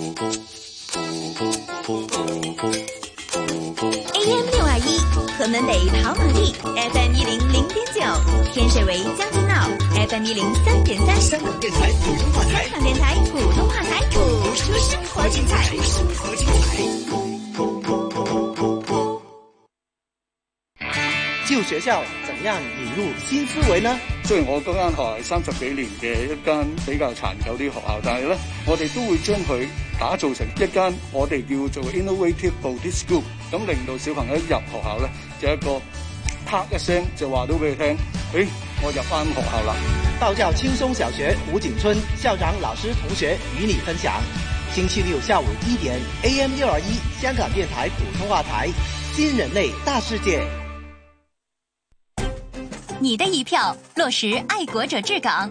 AM 六二一，河門北跑馬地，FM 一零零點九，天水圍將軍澳，FM 一零三點三。香港電台普通話台，港台普通話台，播出生活精彩。舊學校怎樣引入新思維呢？雖然我嗰間學校係三十幾年嘅一間比較殘舊啲學校，但係咧，我哋都會將佢。打造成一間我哋叫做 innovative boarding school，咁令到小朋友入學校咧，就一個啪一聲就話到俾佢聽，誒，我入翻學校啦！道教青松小學胡景村校長老師同學與你分享。星期六下午一點 AM 六二一香港電台普通話台，新人類大世界，你的一票，落實愛國者治港。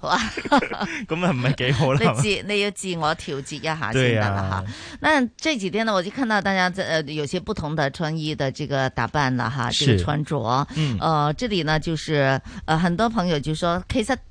哇 挺好啊！咁咪唔係幾好啦。你自你要自我調節一下先得啦吓。那這幾天呢，我就看到大家呃有些不同的穿衣的這個打扮啦，哈，這個穿着，嗯，誒、呃，這裏呢就是，呃，很多朋友就說其實。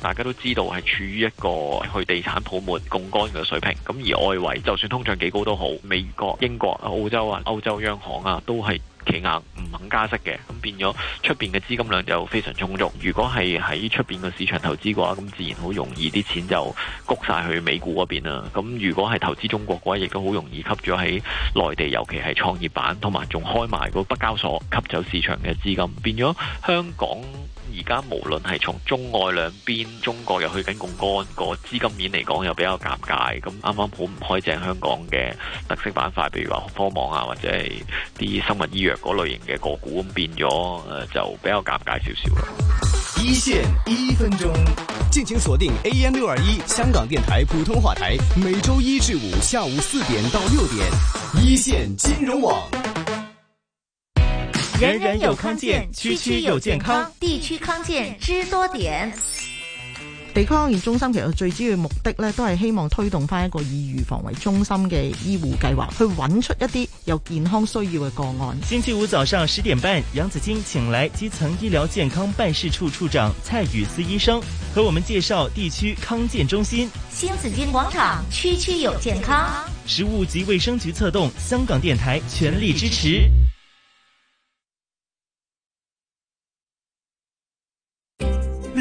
大家都知道係處於一個去地產泡沫槓桿嘅水平，咁而外圍就算通脹幾高都好，美國、英國、澳洲啊、歐洲，歐洲央行啊，都係企硬唔肯加息嘅，咁變咗出面嘅資金量就非常充足，足。如果係喺出面嘅市場投資嘅話，咁自然好容易啲錢就谷晒去美股嗰邊啦。咁如果係投資中國嘅話，亦都好容易吸咗喺內地，尤其係創業板同埋仲開埋個北交所，吸走市場嘅資金，變咗香港。而家無論係從中外兩邊，中國又去緊槓桿，個資金面嚟講又比較尷尬。咁啱啱好唔開正香港嘅特色板塊，譬如話科網啊，或者係啲生物醫藥嗰類型嘅個股，咁變咗，誒就比較尷尬少少咯。一線一分鐘，敬請鎖定 AM 六二一香港電台普通話台，每周一至五下午四點到六點，一線金融網。人人有康健，區區有健康，地區康健知多點。地區康健中心其實最主要的目的呢，都係希望推動返一個以預防為中心嘅醫護計劃，去揾出一啲有健康需要嘅個案。星期五早上十點半，楊子矜請來基層醫療健康辦事處處處長蔡宇思醫生，和我們介紹地區康健中心。新紫荊廣場區區有健康，食物及衛生局策動，香港電台全力支持。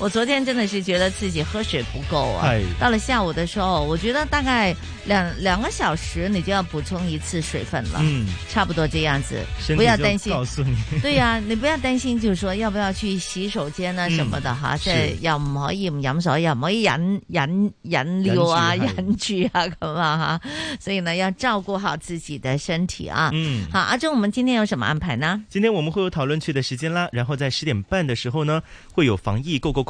我昨天真的是覺得自己喝水不夠啊。到了下午的時候，我覺得大概兩兩個小時你就要補充一次水分了。嗯，差不多這樣子，不要擔心。告訴你，對呀，你不要擔心，就是說要不要去洗手間啊什麼的哈。所以要唔可以飲水，又唔可以飲飲飲料啊，飲住啊咁啊哈。所以呢，要照顧好自己的身體啊。嗯。好阿中，我們今天有什麼安排呢？今天我們會有討論區的時間啦，然後在十點半的時候呢，會有防疫 GOGO。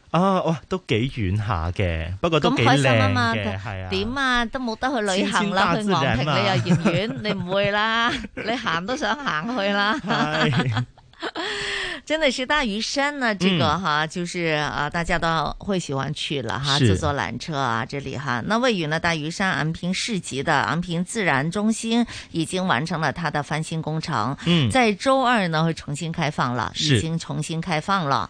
啊，哇，都幾遠下嘅，不過都幾靚嘅。係啊，點啊，都冇得去旅行啦，去昂坪你又嫌遠，你唔會啦，你行都想行去啦。係，真的是大嶼山呢，這個哈，就是啊，大家都會喜歡去了哈，坐坐纜車啊，這裏哈，那位於呢大嶼山昂坪市集的昂坪自然中心已經完成了它的翻新工程，在周二呢會重新開放啦，已經重新開放了。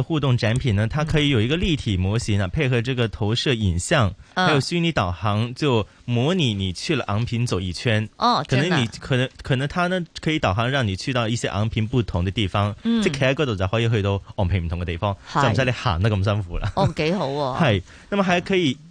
互動展品呢，它可以有一個立體模型啊，嗯、配合這個投射影像，啊、還有虛擬導航，就模擬你去了昂坪走一圈哦。可能你、啊、可能可能它呢可以導航，讓你去到一些昂坪不同的地方，嗯，即企喺嗰度就可以去到昂坪唔同嘅地方，就唔使你行得咁辛苦啦。嘿 哦，幾好、哦，係 那麼還可以、嗯。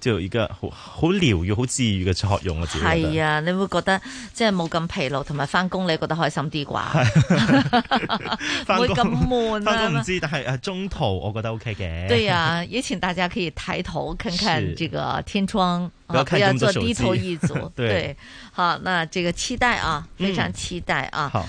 就係而家好好療愈、好治愈嘅作用啊！係啊，你會覺得即係冇咁疲勞，同埋翻工你覺得開心啲啩？翻工咁悶啊？翻工唔知，但係誒中途我覺得 OK 嘅。 對啊，也請大家可以抬頭看看這個天窗，不要做低頭一族。T T e、Z，對， 對好，那這個期待啊，非常期待啊。嗯好。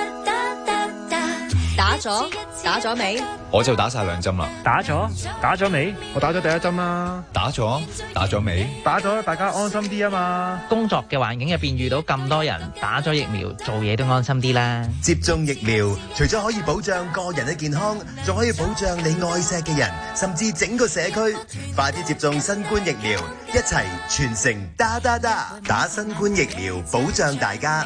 咗打咗未？我就打晒兩針啦。打咗打咗未？我打咗第一針啦。打咗打咗未？打咗，大家安心啲啊嘛！工作嘅環境入邊遇到咁多人，打咗疫苗做嘢都安心啲啦。接種疫苗除咗可以保障個人嘅健康，仲可以保障你愛錫嘅人，甚至整個社區。快啲接種新冠疫苗，一齊全城打打打，打新冠疫苗保障大家。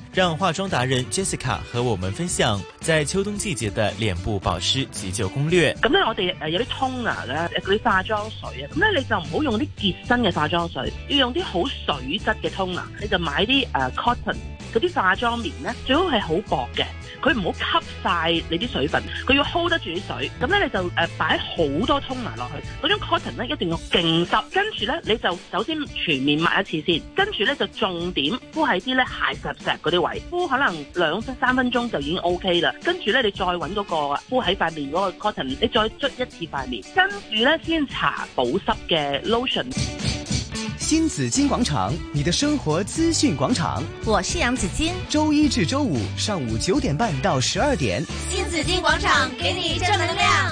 讓化妝達人 Jessica 和我們分享在秋冬季節的臉部保濕急救攻略。咁咧、er，我哋誒有啲 toner 咧，嗰啲化妝水啊，咁咧你就唔好用啲杰身嘅化妝水，要用啲好水質嘅 toner。你就買啲誒 cotton 嗰啲化妝棉咧，最好係好薄嘅，佢唔好吸晒你啲水分，佢要 hold 得住啲水。咁咧你就誒擺好多 toner 落去，嗰張 cotton 咧一定要勁濕。跟住咧你就首先全面抹一次先，跟住咧就重點敷喺啲咧鞋石石嗰啲。敷可能兩分三分鐘就已經 OK 啦，跟住咧你再揾嗰個敷喺塊面嗰個 cotton，你再捽一次塊面，跟住咧先搽保濕嘅 lotion。新紫荊廣場，你的生活資訊廣場，我是楊子矜，周一至周五上午九點半到十二點，新紫荊廣場給你正能量。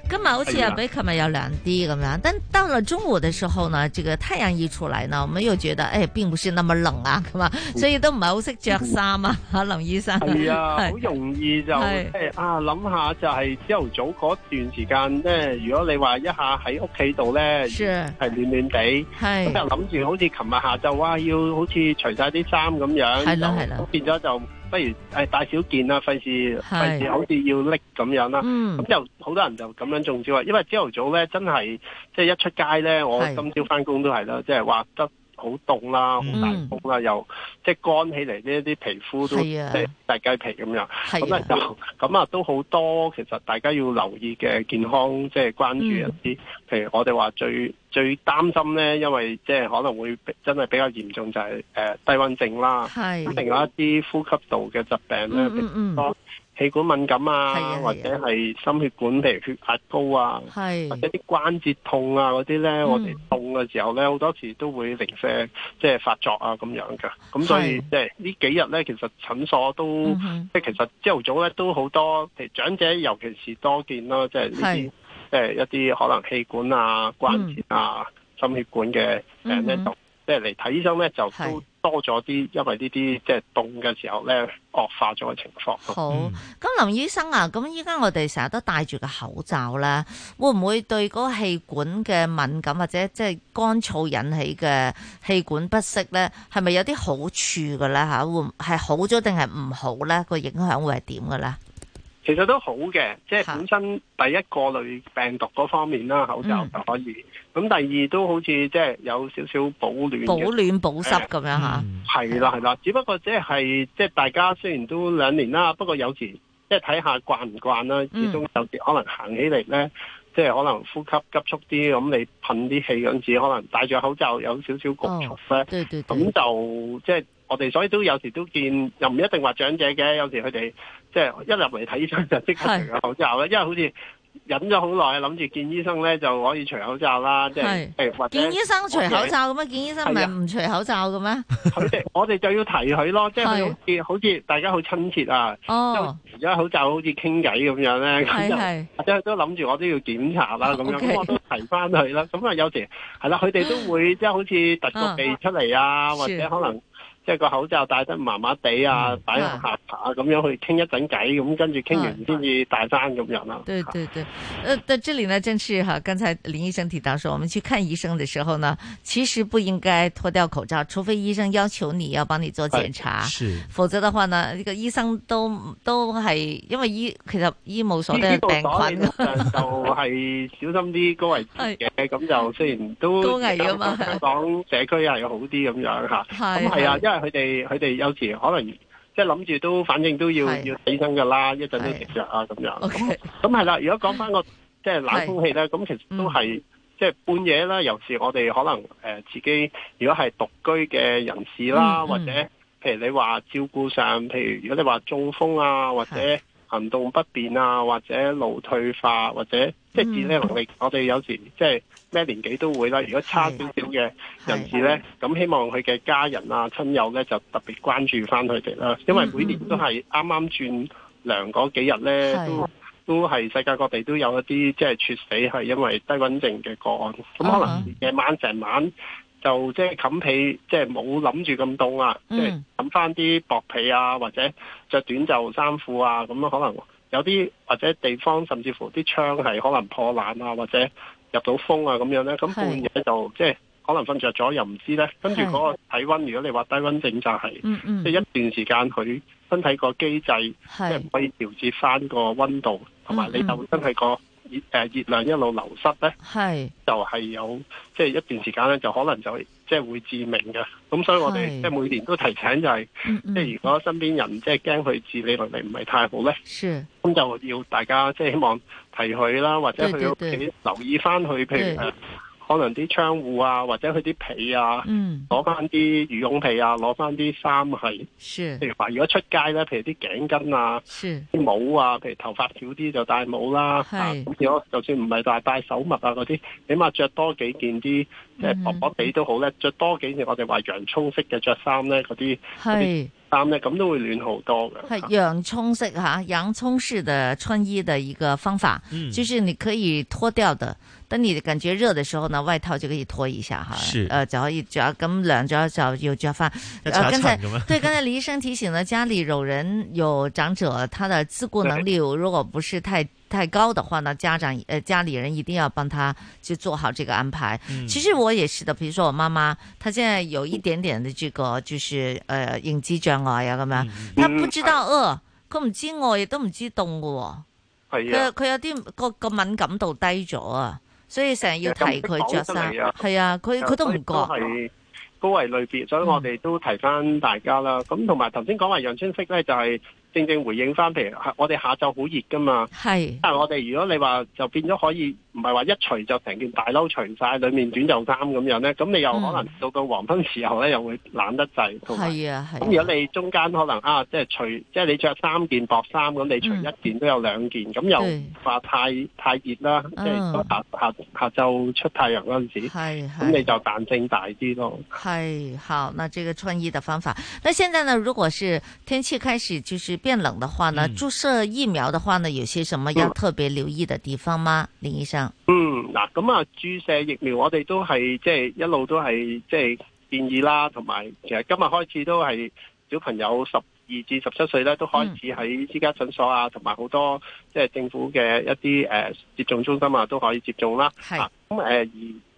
今日好似啊，比琴日要涼啲咁樣，但到了中午嘅時候呢，這個太陽一出來呢，我們又覺得誒、哎，並不是那麼冷啊，咁啊，所以都唔係好識着衫啊，林醫生。係啊，好、啊、是容易就誒是、哎、啊諗下就係朝頭早嗰段時間咧，如果你話一下喺屋企度咧，係是暖暖地，咁就諗住好似琴日下晝啊，要好似除晒啲衫咁樣，就變咗就。不如、哎、大小件啦，費事費事，好似要拎咁樣啦。咁的就好多人就咁樣中招啊，因為朝頭早咧真係即係一出街咧，我今朝翻工都係啦，的即係話得好凍啦，好大風啦，嗯、又即係乾起嚟呢一啲皮膚都是、啊、即係大雞皮咁樣，咁啊就咁啊都好多。其實大家要留意嘅健康，即係關注一啲，譬、嗯、如我哋話最最擔心咧，因為即係可能會真係比較嚴重就係、是呃、低溫症啦，啊、另外一啲呼吸道嘅疾病咧多。嗯氣管敏感啊，是的或者係心血管，譬如血壓高啊，的或者啲關節痛啊嗰啲咧，呢嗯、我哋凍嘅時候咧，好多時都會零舍即係發作啊咁樣嘅。咁所以即係的呢幾日咧，其實診所都即係、嗯、哼其實朝頭早咧都好多，譬如長者尤其是多見咯，即係呢啲即係一啲可能氣管啊、關節啊、嗯、心血管嘅病、嗯哼嗯即係嚟睇醫生咧，就都多咗啲，因為呢啲即係凍嘅時候咧，惡化咗嘅情況。好，咁林醫生啊，咁依家我哋成日都戴住個口罩咧，會唔會對嗰個氣管嘅敏感或者即係乾燥引起嘅氣管不適咧，係咪有啲好處嘅咧？吓，會係好咗定係唔好咧？個影響會係點嘅咧？其實都好嘅，即係本身第一過濾病毒嗰方面啦，口罩就可以。咁、嗯、第二都好似即係有少少保暖、保暖、保濕咁樣吓。係啦係啦，只不過即係即係大家雖然都兩年啦，不過有時即係睇下慣唔慣啦。始終有啲可能行起嚟咧，即係可能呼吸急促啲，咁你噴啲氣嗰陣時，可能戴住口罩有少少焗灼咧。咁、哦、就即係。我哋所以都有時都見，又唔一定話長者嘅，有時佢哋即係一入嚟睇醫生就即刻除口罩啦，因為好似忍咗好耐，諗住見醫生咧就可以除口罩啦，即係或者見醫生除口罩咁樣？見醫生咪唔除口罩嘅咩？我哋就要提佢咯，即係好似大家好親切啊，而家口罩好似傾偈咁樣咧，即係都諗住我都要檢查啦咁樣，我都提翻佢啦。咁啊，有時係啦，佢哋都會即係好似突個鼻出嚟啊，或者可能。即係個口罩戴得麻麻地啊，擺下下咁樣去傾一陣偈，咁跟住傾完先至戴返咁樣啦。對對對，呃但係這裏呢，正是哈，剛才林醫生提到說，我們去看醫生的時候呢，其實不應該脫掉口罩，除非醫生要求你要幫你做檢查，否則的話呢，呢個醫生都都係因為醫其實醫務所都有病菌，就係小心啲高危嘅，咁就雖然都高危嘛，香港社區係好啲咁樣吓，咁係啊，因為佢哋，佢哋有時可能即係諗住都，反正都要是要起身噶啦，一陣都跌著啊咁樣。咁係啦，如果講翻、嗰個即係冷空氣咧，咁是其實都係、嗯、即係半夜啦，尤其我哋可能誒、呃、自己，如果係獨居嘅人士啦，嗯、或者譬如你話照顧上，譬如如果你話中風啊，或者。行動不便啊，或者勞退化，或者即係自理能力，嗯、我哋有時即係咩年紀都會啦。如果差少少嘅人士呢，咁希望佢嘅家人啊親友呢，就特別關注翻佢哋啦。因為每年都係啱啱轉涼嗰幾日呢，的都都係世界各地都有一啲即係猝死係因為低溫症嘅個案。咁的可能夜晚成、uh huh, 晚就即係冚被，即係冇諗住咁凍啊，嗯、即係冚翻啲薄被啊，或者。着短袖衫褲啊，咁啊可能有啲或者地方甚至乎啲窗係可能破爛啊，或者入到風啊咁樣咧，咁半夜就是即係可能瞓着咗又唔知咧，跟住嗰個體温，如果你話低溫症就係即係一段時間佢身體個機制即係唔可以調節翻個温度，同埋你就真係、那個。熱誒、呃、熱量一路流失咧，是就係有即係一段時間咧，就可能就即係會致命嘅。咁所以我哋即係每年都提醒就係、是，即係是如果身邊人即係驚佢自理能力唔係太好咧，咁是就要大家即係、就是、希望提佢啦，或者佢要留意翻佢，對對對，譬如可能啲窗戶啊，或者佢啲被啊，攞翻啲羽絨被啊，攞翻啲衫。係，譬如話，如果出街咧，譬如啲頸巾啊，啲是帽啊，譬如頭髮少啲就戴帽啦。咁如果就算唔係，戴戴手襪啊嗰啲，是起碼着多幾件啲誒薄薄哋都好咧，着、嗯、多幾件我哋話洋葱式嘅着衫咧嗰啲。是咁咧，咁都會暖好多嘅。係洋葱式吓，洋葱式的穿衣的一個方法，嗯，就是你可以脫掉的。等你感覺熱的時候呢，外套就可以脫一下吓。是，呃、啊，一咁剛才、嗯、對，剛才李醫生提醒家裏有人有長者，他的自顧能力是如果不是太。太高的話呢，呢家長誒，家裏人一定要幫佢去做好這個安排。嗯、其實我也是的，譬如說我媽媽，她現在有一點點的這個就是誒認知障礙啊，咁樣，佢唔知道餓，佢唔、嗯、知餓亦都唔知凍嘅。係啊，佢有啲個個敏感度低咗啊，所以成日要提佢着衫。係啊，佢佢、啊嗯、都唔覺。高危類別，所以我哋都提翻大家啦。咁同埋頭先講話洋春色咧，就係、是。正正回應翻，譬如我哋下晝好熱噶嘛，是但係我哋如果你話就變咗可以唔係話一除就成件大褸除晒，裏面短袖衫咁樣咧，咁你又可能到到黃昏時候咧、嗯、又會冷得滯。係啊係。咁、啊、如果你中間可能啊，即係除，即係你着三件薄衫，咁你除一件都有兩件，咁、嗯、又怕太太熱啦。即係、嗯、下下下晝出太陽嗰陣時，係咁你就彈性大啲咯。係好，那這個穿衣的方法，那現在呢，如果是天氣開始就是。變冷的話呢，嗯、注射疫苗的話呢，有些什麼要特別留意的地方嗎，林醫生？嗯，嗱，咁啊，注射疫苗我哋都係即係一路都係即係建議啦，同埋其實今日開始都係小朋友十二至十七歲咧都開始喺私家診所啊，同埋好多即係政府嘅一啲誒、呃、接種中心啊都可以接種啦。係咁誒而。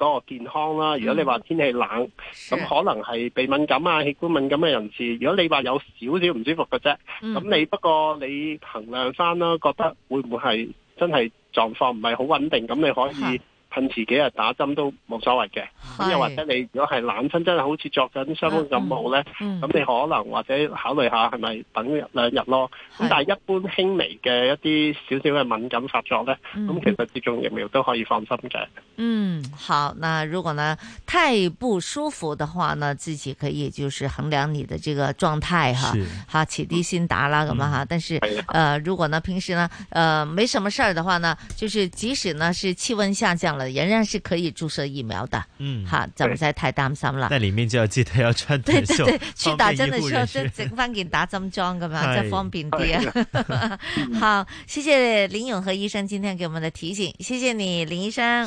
嗰個健康啦，如果你話天氣冷，咁、嗯、可能係鼻敏感啊、器官敏感嘅人士。如果你話有少少唔舒服嘅啫，咁、嗯、你不過你衡量翻啦，覺得會唔會係真係狀況唔係好穩定？咁你可以。噴自己啊，打針都冇所謂嘅。咁又是或者你如果係冷親，真係好似作緊傷風感冒咧，咁、嗯、你可能或者考慮下係咪等一兩日咯。咁是但係一般輕微嘅一啲少少嘅敏感發作咧，咁、嗯、其實接種疫苗都可以放心嘅。嗯，好。那如果呢太不舒服嘅話呢，自己可以就是衡量你嘅這個狀態哈，哈是，遲啲先打啦咁啊哈。但是，是的呃，如果呢平時呢，呃，沒什麼事嘅話呢，就是即使呢是氣温下降了。仍然是可以注射疫苗的，嗯，吓就唔使太擔心啦。那裏面就要記得要穿短袖，對對對，去打針的時候整翻件打針裝咁樣，就方便啲。好，謝謝林永和醫生今天給我們的提醒，謝謝你，林醫生，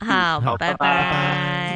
好，好，拜拜。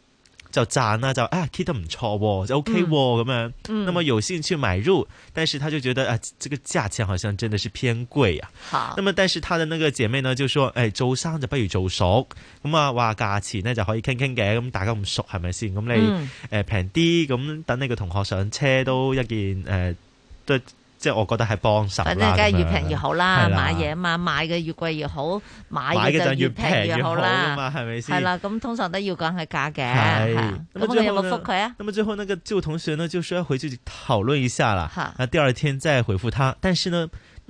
就賺啦，就，哎呀，keep 得唔錯喎，就 OK 喎、啊、咁、嗯、樣。嗯。咁啊，有興趣買入，但是他就覺得啊，這個價錢好像真的是偏貴啊。嚇好。咁啊，但是他的那個姐妹呢就說，就說誒，做生就不如做熟。咁啊，話價錢呢就可以傾傾嘅。咁大家唔熟係咪先？咁你誒平啲。咁、嗯呃嗯、等你個同學上車都一件誒、呃、都。即係我覺得係幫手，反正梗係啦，係啦。越平越好啦，啦買嘢嘛，買嘅越貴越好，買嘅就越平越好啦，係咪先？係啦，咁通常都要講係假嘅，係對。咁你有冇覆佢啊？咁麼最後呢，那最後那個舊同學呢，就說要回去討論一下啦，對那第二天再回覆他，但是呢？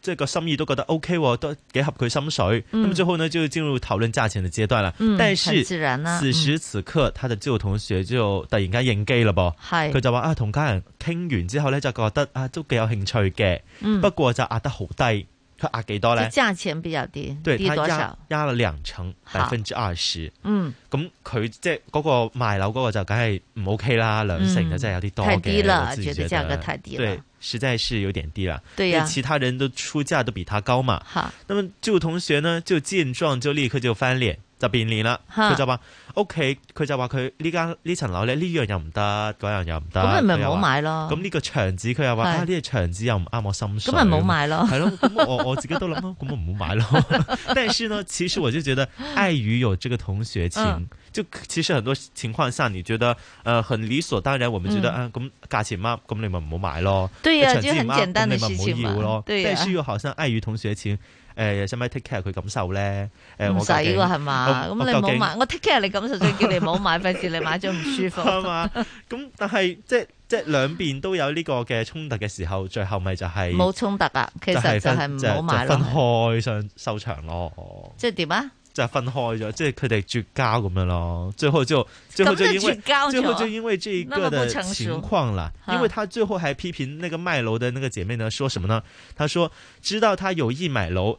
即係個心意都覺得 OK、喎、都幾合佢心水。咁啊、嗯，那麼最後呢就進入討論價錢的階段啦。嗯，但係是、啊、此時此刻，嗯、他的舊同學就突然間應機啦噃。係是，佢就話啊，同家人傾完之後咧，就覺得啊，都幾有興趣嘅。嗯，不過就壓得好低。佢壓幾多呢？價錢比較低，對，低多少？壓了兩成，百分之二十。嗯，咁佢即係嗰個賣樓嗰個就梗係唔 OK 啦，兩成梗係有啲多嘅，我覺得價格太低了，對，實在是有點低啦。對呀、啊，其他人都出價都比他高嘛。好，那麼舊同學呢就見狀就立刻就翻臉。就變臉啦，佢就話屋企，佢就話佢呢間呢層樓咧呢樣又唔得，嗰樣又唔得，咁你咪唔好買咯。咁呢個牆紙佢又話啊，呢個牆紙又唔啱我心水，咁咪唔好買咯。係咯，咁我我自己都諗咁咪唔好買咯。但是呢，其實我就覺得，礙於有這個同學情，即其實很多情況下，你覺得，誒，很理所當然，我們覺得，啊，咁價錢唔啱，咁你咪唔好買咯。對呀，就係很簡單，你咪唔好要咯。即係，需要又好像礙於同學情。誒，使咪 take care 佢感受咧？誒，唔使喎，係嘛？咁你唔好買，我 take care 你感受，就叫你唔好買，費事你買咗唔舒服。啊嘛，咁但係即係即係兩邊都有呢個嘅衝突嘅時候，最後咪就係冇衝突啊，其實就係唔好買分開上收場咯。即係點啊？就分開咗，即係佢哋絕交咁樣咯。最後就最後就因為最後就因為呢個情況啦。因為佢最後係批評呢個賣樓嘅呢個姐妹呢，說什麼呢？佢說：知道他有意買樓。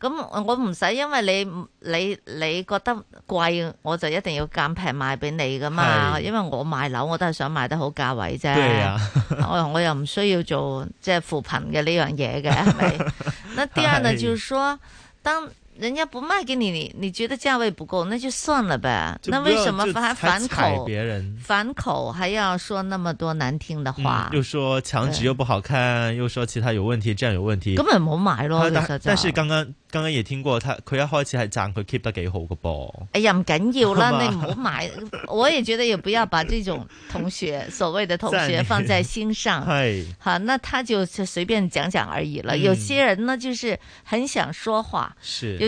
咁我唔使，因為你你你覺得貴，我就一定要減平賣俾你噶嘛。是因為我賣樓我都係想賣得好價位啫對呀。 我我又唔需要做即係扶貧嘅呢樣嘢嘅，係咪？ 第啲呢，就說 是當。人家不賣給你，你你覺得價位不夠，那就算了唄。那為什麼還反口？反口還要說那麼多難聽的話？又說牆紙又不好看，又說其他有問題，這樣有問題。根本沒買咯。但是剛剛剛剛也聽過他，佢又好奇，還講佢 keep 得幾好噃。哎呀，唔緊要啦，你冇買，我也覺得也不要把這種同學所謂的同學放在心上。好，那他就隨便講講而已了。有些人呢，就是很想說話。是。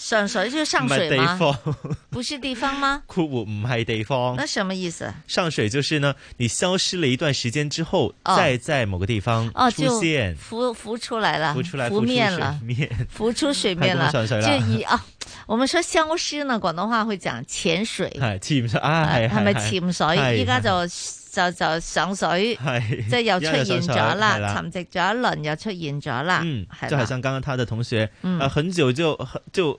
上水就是上水嗎？不是地方嗎？括弧唔係地方。那什麼意思？上水就是呢，你消失了一段時間之後，再在某個地方出現，浮浮出來了，浮出來浮出水面，浮出水面了。就以啊，我們說消失呢，廣東話會講潛水，係潛水啊，係咪潛水？依家就就就上水，係即係又出現咗啦，沉寂咗一輪又出現咗啦。嗯，就好像剛剛他的同學啊，很久就就。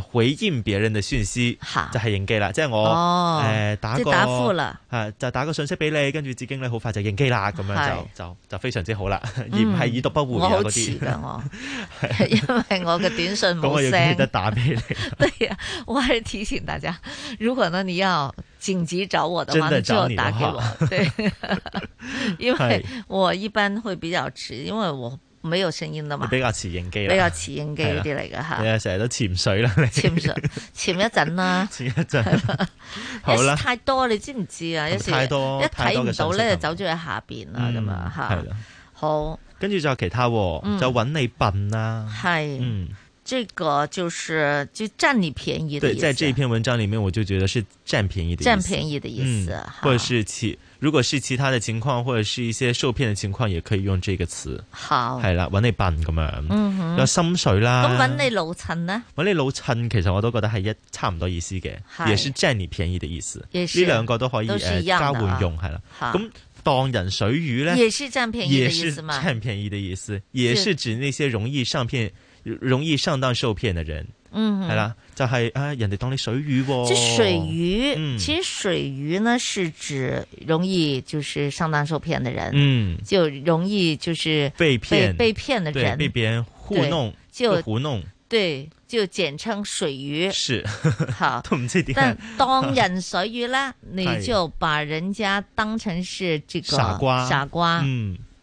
回應別人嘅訊息就係、是、應機啦，即係我誒、哦呃、打個，即係打呼啦，就打個信息俾你，跟住至今咧好快就應機啦，咁樣就是就就非常之好啦，嗯、而唔係已讀不回啊啲。我我 因為我嘅短信冇聲， 我記得打俾你。對啊，我還是提醒大家，如果呢你要緊急找我的話，的你的話你就打給我。對， 因為我一般會比較遲，因為我。沒有聲音的嘛，比較磁應機，比較磁應機啲嚟嘅吓。你啊，成日都潛水啦，潛水，潛一陣啦，潛一陣。好啦，太多你知唔知啊？一太多，一睇唔到咧，就走咗去下邊啦咁樣吓。好，跟住就有其他，就搵你笨啦。係，嗯，這個就是就佔你便宜。對，在這篇文章裏面，我就覺得是佔便宜的，占便宜的意思，或者是其。如果是其他的情況，或者是一些受騙嘅情況，也可以用這個詞。好，係啦，搵你笨咁樣，嗯哼，有心水啦。咁搵你老襯呢？搵你老襯，其實我都覺得係一差唔多意思嘅，也是佔你便宜的意思。呢兩個都可以誒交換用，係啦。咁當人水魚咧？也是佔便宜的意思嘛？佔便宜的意思，也是指那些容易上騙、容易上當受騙的人。嗯，係啦。就係、是、誒、哎，人哋當你水魚、哦，即水魚，其實水魚呢是指容易就是上當受騙的人，嗯，就容易就是被，被騙被騙的人，被別人糊弄，就，就糊弄，對，就簡稱水魚，是， 好，都唔知點但當人水魚呢， 你就把人家當成是這個傻瓜，傻瓜，嗯。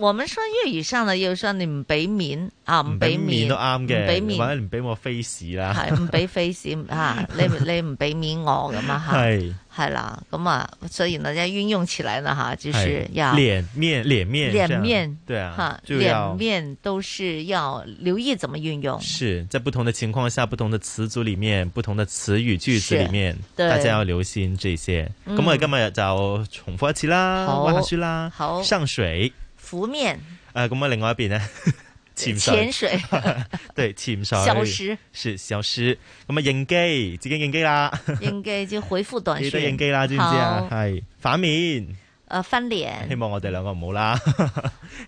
我們說粵語上呢，又說你唔俾面啊，唔俾面都啱嘅，或者唔俾我 face 啦，唔俾 face 啊，你你唔俾面我咁啊吓，係係啦，咁啊，所以大家運用起來呢，吓，就是要。臉面臉面臉面，對啊，吓，臉面都是要留意怎麼運用，是在不同的情況下，不同的詞組裏面，不同的詞語句子裏面，大家要留心這些。咁我哋今日就重複一次啦，溫下書啦，好上水。浮面，誒，咁啊，另外一邊咧，潛水，對，潛水消失，是消失，咁啊，應機，自己應機啦，應機就回覆短信，你都應機啦，知唔知啊？係反面，誒，翻臉，希望我哋兩個唔好啦，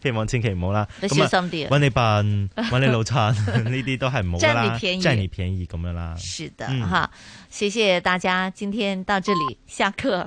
希望千祈唔好啦，你小心啲，搵你笨，搵你老襯，呢啲都係唔好啦，佔你便宜，佔你便宜咁樣啦，是嘅，吓，謝謝大家，今天到這裏，下課。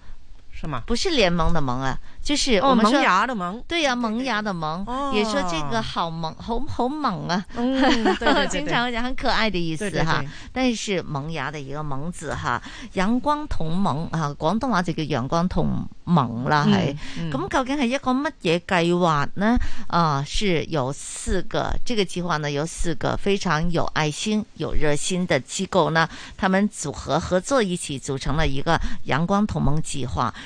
是嗎？不是聯盟的盟啊，就是我們說萌芽的萌，對呀，萌芽的萌。也說這個好萌，好好萌啊，經常講很可愛的意思哈。對對對對，但是萌芽的一個萌字哈，陽光同盟啊，廣東話這個陽光同盟了。嗯、哎，咁究竟係一個乜嘢計劃呢？啊、嗯嗯嗯，是有四個，這個計劃呢有四個非常有愛心、有熱心的機構呢，他們組合合作一起組成了一個陽光同盟計劃。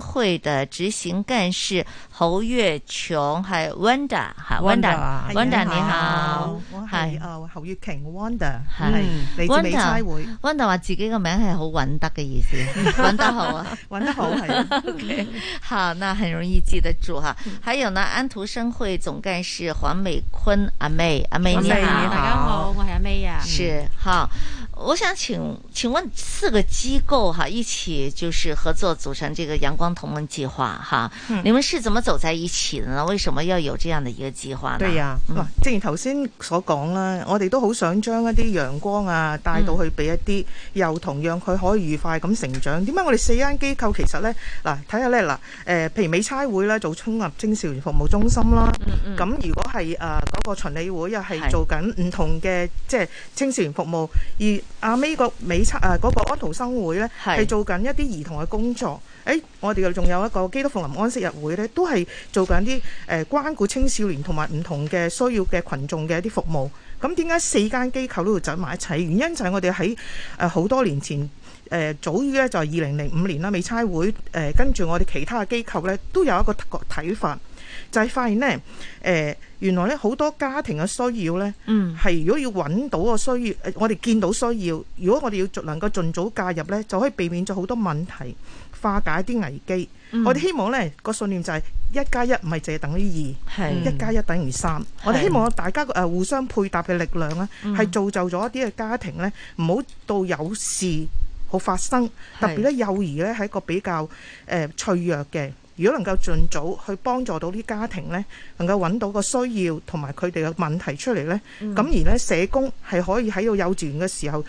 會的執行幹事侯月瓊，係 Wanda，哈 Wanda，Wanda 你好，我係侯月瓊，Wanda 係嚟自美差會，Wanda 話自己個名係好穩得嘅意思，得好啊，得好係，好，那很容易記得住哈。還有呢，安徒生會總幹事黃美坤，阿 May，阿 May 你好，大家好，我係阿 May 呀，是，哈。我想請請問四個機構哈、啊、一起就是合作組成這個陽光同盟計劃哈、啊，嗯、你們是怎麼走在一起的呢？為什麼要有這樣的一個計劃呢？對呀、啊，嗱、嗯，正如頭先所講啦，我哋都好想將一啲陽光啊帶到去俾一啲、嗯、又同樣佢可以愉快咁成長。點解我哋四間機構其實呢，嗱睇下咧，嗱，誒、譬、呃、如美差會咧、啊、做潮浸青少年服務中心啦、啊，咁、嗯嗯、如果係誒、呃那個循理會又係做緊唔同嘅是即係青少年服務而。阿尾個美差啊，嗰、那個安徒生會呢，係是做緊一啲兒童嘅工作。欸、我哋仲有一個基督復臨安息日會呢，都係做緊啲誒、呃、關顧青少年同埋唔同嘅需要嘅群眾嘅一啲服務。咁點解四間機構都度走埋一齊？原因就係我哋喺好多年前早、呃、於呢就係二零零五年啦，美差會、呃、跟住我哋其他嘅機構呢，都有一個個睇法。就係發現、呃、呢，誒原來咧好多家庭嘅需要咧，係、嗯、如果要揾到個需要，我哋見到需要，如果我哋要能夠盡早介入呢，就可以避免咗好多問題，化解啲危機。嗯、我哋希望呢個信念就係一加一唔係淨係等於二是，一加一等於三。是我哋希望大家互相配搭嘅力量呢，係、嗯、造就咗一啲嘅家庭呢，唔好到有事好發生。是特別咧幼兒呢係一個比較誒、呃、脆弱嘅。如果能夠盡早去幫助到啲家庭呢，能夠揾到個需要同埋佢哋嘅問題出嚟呢，咁而呢社工係可以喺到幼稚園嘅時候，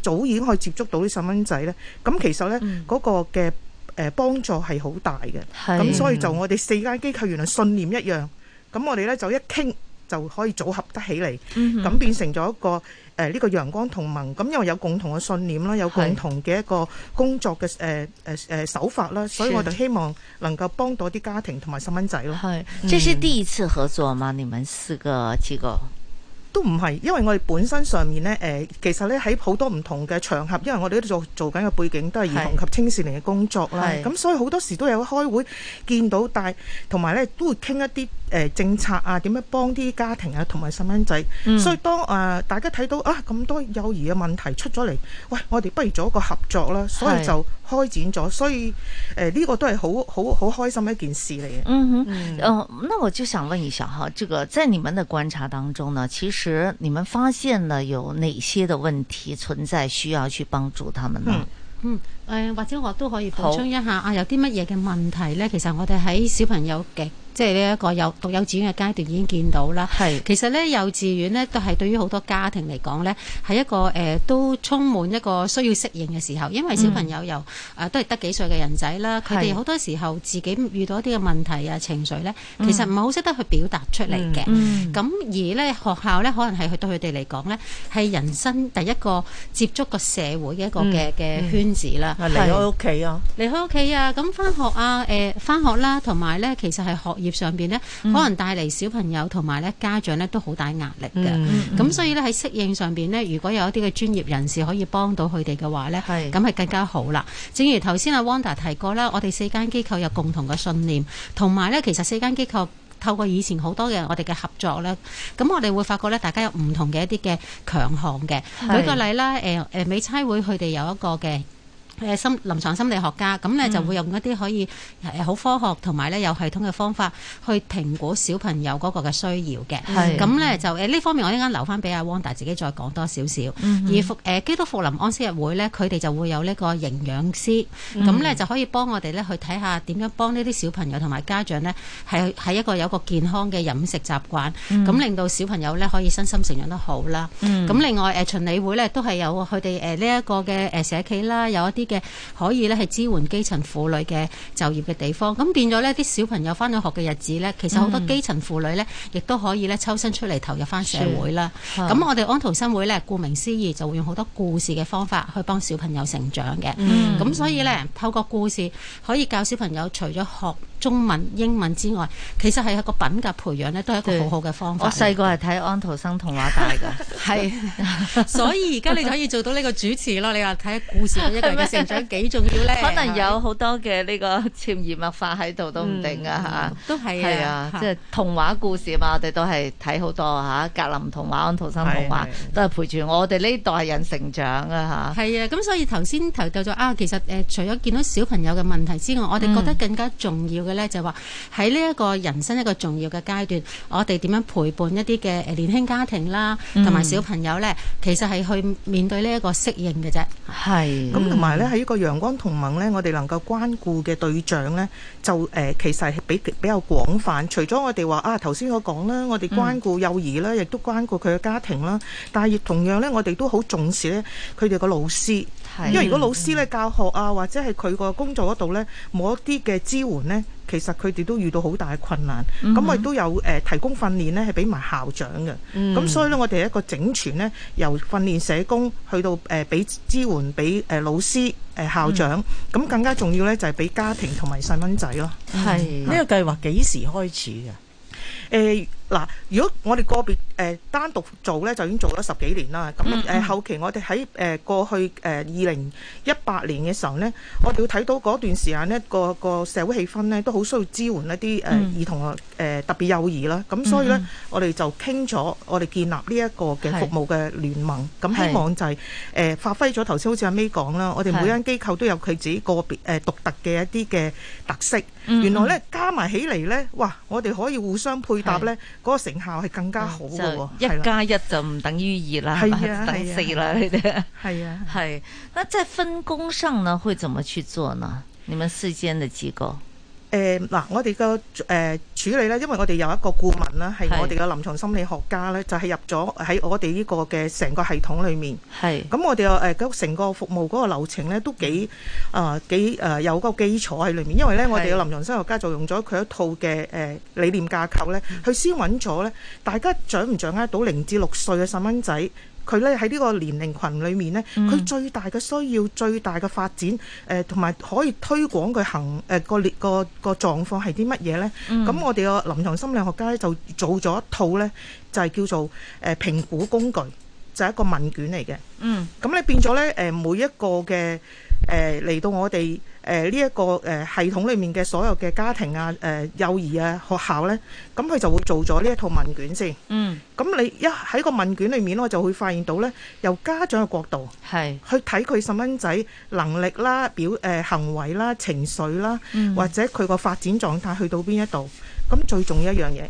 早已經可以接觸到啲細蚊仔呢，咁其實呢嗰個嘅誒幫助係好大嘅，咁、嗯、所以就我哋四間機構原來信念一樣，咁我哋呢就一傾。就可以組合得起嚟，咁變成咗一個誒呢、呃呢個陽光同盟。咁因為有共同嘅信念啦，有共同嘅一個工作嘅誒誒誒手法啦，所以我哋希望能夠幫到啲家庭同埋細蚊仔咯。係是，嗯、這是第一次合作嗎？你們四個機構都唔係，因為我哋本身上面呢，誒、呃，其實呢喺好多唔同嘅場合，因為我哋都做做緊嘅背景都係兒童及青少年嘅工作啦。係，咁所以好多時都有開會見到，但同埋呢都會傾一啲。誒、呃、政策啊，點樣幫啲家庭啊，同埋細蚊仔，嗯、所以當誒、呃、大家睇到啊咁多幼兒嘅問題出咗嚟，喂，我哋不如做一個合作啦，所以就開展咗，是所以誒呢、呃這個都係好好好開心嘅一件事嚟嘅。嗯哼，哦、嗯呃，那我就想問一下哈，這個在你們的觀察當中呢，其實你們發現了有哪些的問題存在，需要去幫助他們呢？嗯，誒、嗯呃、或者我都可以補充一下好啊，有啲乜嘢嘅問題咧？其實我哋喺小朋友嘅。即係呢一個幼獨幼稚園嘅階段已經見到啦。係是其實咧幼稚園咧都係對於好多家庭嚟講咧係一個誒、呃、都充滿一個需要適應嘅時候，因為小朋友又誒、嗯呃、都係得幾歲嘅人仔啦，佢哋好多時候自己遇到一啲嘅問題啊情緒咧，嗯、其實唔係好識得去表達出嚟嘅。咁、嗯嗯、而咧學校咧可能係對佢哋嚟講咧係人生第一個接觸個社會嘅一個嘅嘅圈子啦。係、嗯嗯、是離開屋企啊，離開屋企啊，咁翻學啊誒翻、呃、學啦，同埋咧其實係學業。上邊咧，可能帶嚟小朋友同埋咧家長咧都好大壓力嘅。咁、嗯嗯嗯、所以咧喺適應上邊咧，如果有一啲嘅專業人士可以幫到佢哋嘅話呢，咁係更加好啦。正如頭先阿 Wanda 提過啦，我哋四間機構有共同嘅信念，同埋呢，其實四間機構透過以前好多嘅我哋嘅合作呢，咁我哋會發覺咧大家有唔同嘅一啲嘅強項嘅。舉個例啦，誒、呃、誒、呃，美差會佢哋有一個嘅。誒心臨床心理學家，咁咧就會用一啲可以誒、呃、好科學同埋咧有系統嘅方法去評估小朋友嗰個嘅需要嘅，咁咧是就呢、呃、方面我依家留翻俾阿 Wanda 自己再講多少少，嗯、哼而基督復臨安息日會咧佢哋就會有呢個營養師，咁咧、嗯、就可以幫我哋咧去睇下點樣幫呢啲小朋友同埋家長咧係一個有一個健康嘅飲食習慣，咁、嗯、令到小朋友咧可以身心成長得好啦。咁、嗯、另外誒、呃、循理會咧都係有佢哋呢一個嘅誒社企啦，有一啲。嘅可以咧，係支援基層婦女嘅就業嘅地方，咁變咗呢啲小朋友翻到學嘅日子呢，其實好多基層婦女呢亦都可以抽身出嚟投入翻社會啦。咁、嗯、我哋安徒生會呢，顧名思義就會用好多故事嘅方法去幫小朋友成長嘅。咁、嗯、所以呢，透過故事可以教小朋友，除咗學中文、英文之外，其實係一個品格培養呢，都係一個好好嘅方法。我細個係睇安徒生童話大噶，係。所以而家你就可以做到呢個主持咯。你話睇故事的一個 長幾重要咧？ 可能有好多嘅呢個潛移默化喺度都唔定噶、啊、吓、嗯嗯，都係啊，啊啊即係童話故事嘛，我哋都係睇好多吓、啊《格林童話》《安徒生童話》，是都係陪住我哋呢代人成長啊吓。係啊，咁所以頭先提到咗啊，其實誒、呃，除咗見到小朋友嘅問題之外，我哋覺得更加重要嘅咧，就係話喺呢一個人生一個重要嘅階段，我哋點樣陪伴一啲嘅誒年輕家庭啦，同埋小朋友咧，其實係去面對適是、嗯、呢一個適應嘅啫。係咁，同埋咧。喺呢個陽光同盟呢，我哋能夠關顧嘅對象呢，就誒、呃、其實係比比較廣泛。除咗我哋話啊頭先我講啦，我哋關顧幼兒啦，亦、嗯、都關顧佢嘅家庭啦。但係亦同樣呢，我哋都好重視呢佢哋個老師，是因為如果老師呢，教學啊，或者係佢個工作嗰度呢，冇一啲嘅支援呢。其實佢哋都遇到好大嘅困難，咁、嗯、哼我亦都有誒提供訓練呢，係俾埋校長嘅。咁、嗯、所以呢，我哋一個整全呢，由訓練社工去到誒俾支援，俾誒老師、誒校長，咁、嗯、更加重要呢，就係俾家庭同埋細蚊仔咯。係呢是、啊、個計劃幾時開始嘅？誒、欸。嗱，如果我哋個別誒、呃、單獨做呢，就已經做咗十幾年啦。咁誒、嗯哼呃、後期我哋喺誒過去二零一八年嘅時候呢，嗯、哼我哋會睇到嗰段時間呢個個社會氣氛呢，都好需要支援一啲誒兒童特別幼兒啦。咁所以呢，嗯、哼我哋就傾咗，我哋建立呢一個嘅服務嘅聯盟。咁是希望就係、是、誒、呃、發揮咗頭先好似阿 May 講啦，是我哋每一間機構都有佢自己個別誒、呃、獨特嘅一啲嘅特色。嗯、哼原來呢，加埋起嚟呢，哇！我哋可以互相配搭呢。嗰成效係更加好嘅喎、哦，一加一就唔等於二啦，啊、等四啦嗰啲。係啊，係。那在分工上呢，會怎麼去做呢？你們四間的機構？誒嗱、呃，我哋個誒處理咧，因為我哋有一個顧問啦，係我哋嘅臨床心理學家咧，就係、是、入咗喺我哋呢個嘅成個系統裏面。咁是，我哋嘅誒成個服務嗰個流程咧，都幾啊、呃、幾誒、呃、有個基礎喺裏面。因為咧，我哋嘅臨床心理學家就用咗佢一套嘅誒、呃、理念架構咧，去先揾咗咧大家掌唔掌握到零至六歲嘅細蚊仔。佢咧喺呢個年齡群裏面咧，佢最大嘅需要、嗯、最大嘅發展、誒同埋可以推廣佢行誒、呃、個列個個狀況係啲乜嘢咧？咁、嗯、我哋個臨床心理學家咧就做咗一套咧，就係、是、叫做誒、呃、評估工具，就係、是、一個問卷嚟嘅。嗯，咁你變咗咧誒每一個嘅誒嚟到我哋。誒呢一個誒、呃、系統裡面嘅所有嘅家庭啊、誒、呃、幼兒啊、學校呢，咁佢就會做咗呢一套問卷先。嗯，咁你一喺個問卷裡面我就會發現到呢，由家長嘅角度係是去睇佢細蚊仔能力啦、表誒、呃、行為啦、情緒啦，嗯、或者佢個發展狀態去到邊一度，咁最重要一樣嘢。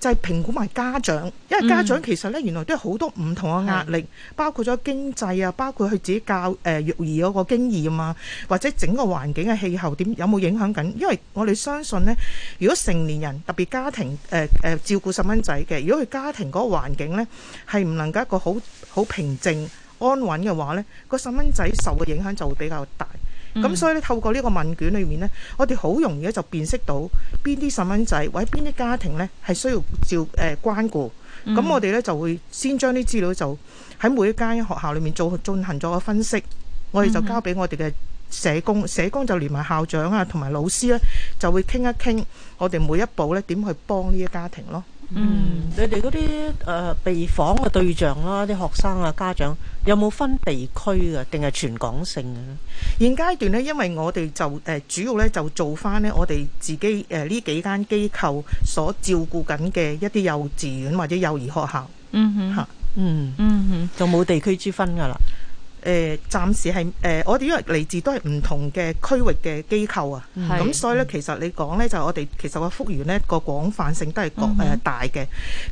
就係評估埋家長，因為家長其實咧、嗯、原來都有好多唔同嘅壓力，是包括咗經濟啊，包括佢自己教、呃、育兒嗰個經驗啊，或者整個環境嘅氣候點有冇影響緊？因為我哋相信呢，如果成年人特別家庭、呃、照顧細蚊仔嘅，如果佢家庭嗰個環境呢，係唔能夠一個好好平靜安穩嘅話呢，個細蚊仔受嘅影響就會比較大。咁、mm hmm. 所以咧，透過呢個問卷裏面呢，我哋好容易咧就辨識到邊啲細蚊仔或者邊啲家庭呢，係需要照誒、呃、關顧。咁、mm hmm. 我哋呢就會先將啲資料就喺每一間學校裏面做進行咗個分析，我哋就交俾我哋嘅社工，mm hmm. 社工就連埋校長啊同埋老師呢、啊，就會傾一傾我哋每一步呢點去幫呢啲家庭咯。嗯，你哋嗰啲誒被訪嘅對象啦，啲學生啊，家長有冇分地區嘅，定係全港性嘅咧？現階段呢，因為我哋就誒、呃、主要呢，就做翻呢我哋自己誒呢、呃、幾間機構所照顧緊嘅一啲幼稚園或者幼兒學校，嗯哼吓，嗯嗯哼，就冇是、嗯嗯、地區之分噶啦。誒、呃、暫時係誒、呃、我哋因為嚟自都係唔同嘅區域嘅機構啊，咁是所以咧其實你講咧就係、是、我哋其實個復原咧個廣泛性都係個、嗯哼呃、大嘅，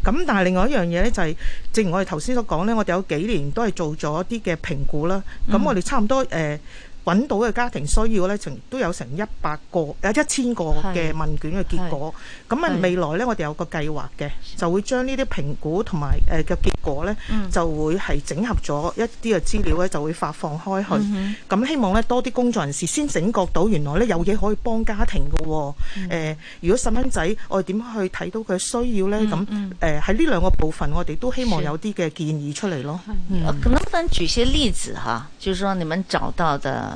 咁但係另外一樣嘢咧就係、是，正如我哋頭先所講咧，我哋有幾年都係做咗一啲嘅評估啦，咁、嗯、哼我哋差唔多誒。呃搵到嘅家庭需要呢，成都有成一百個，啊一千個嘅問卷嘅結果。咁啊未來呢，我哋有個計劃嘅，是就會將呢啲評估同埋誒嘅結果呢，嗯、就會係整合咗一啲嘅資料呢，就會發放開去。咁、嗯、哼希望呢，多啲工作人士先整覺到原來呢有嘢可以幫家庭嘅、哦。誒、嗯、呃，如果細蚊仔我哋點樣去睇到佢嘅需要呢？咁誒、嗯，喺、嗯、呢、呃、兩個部分，我哋都希望有啲嘅建議出嚟咯。咁我想舉一些例子嚇、啊，就是話，你們找到的。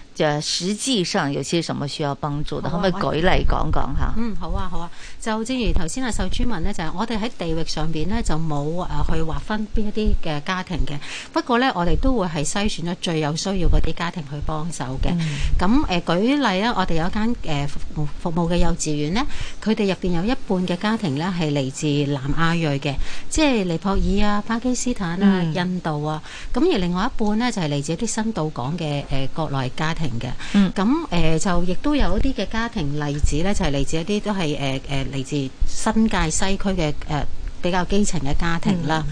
誒，實際上有些什麼需要幫助的，啊、可唔可以舉例講講吓？嗯，好啊，好啊。就正如頭先阿秀專員呢，就係、是、我哋喺地域上邊呢，就冇誒去劃分邊一啲嘅家庭嘅。不過呢，我哋都會係篩選咗最有需要嗰啲家庭去幫手嘅。咁誒、嗯呃，舉例咧，我哋有一間誒、呃、服務嘅幼稚園呢，佢哋入邊有一半嘅家庭呢係嚟自南亞裔嘅，即係尼泊爾啊、巴基斯坦啊、嗯、印度啊。咁而另外一半呢，就係、是、嚟自啲新到港嘅誒、呃、國內家庭。嘅，咁、嗯呃、就亦都有一啲嘅家庭例子咧，就係、是、嚟自一啲都係誒誒嚟自新界西區嘅、呃、比較基層嘅家庭啦。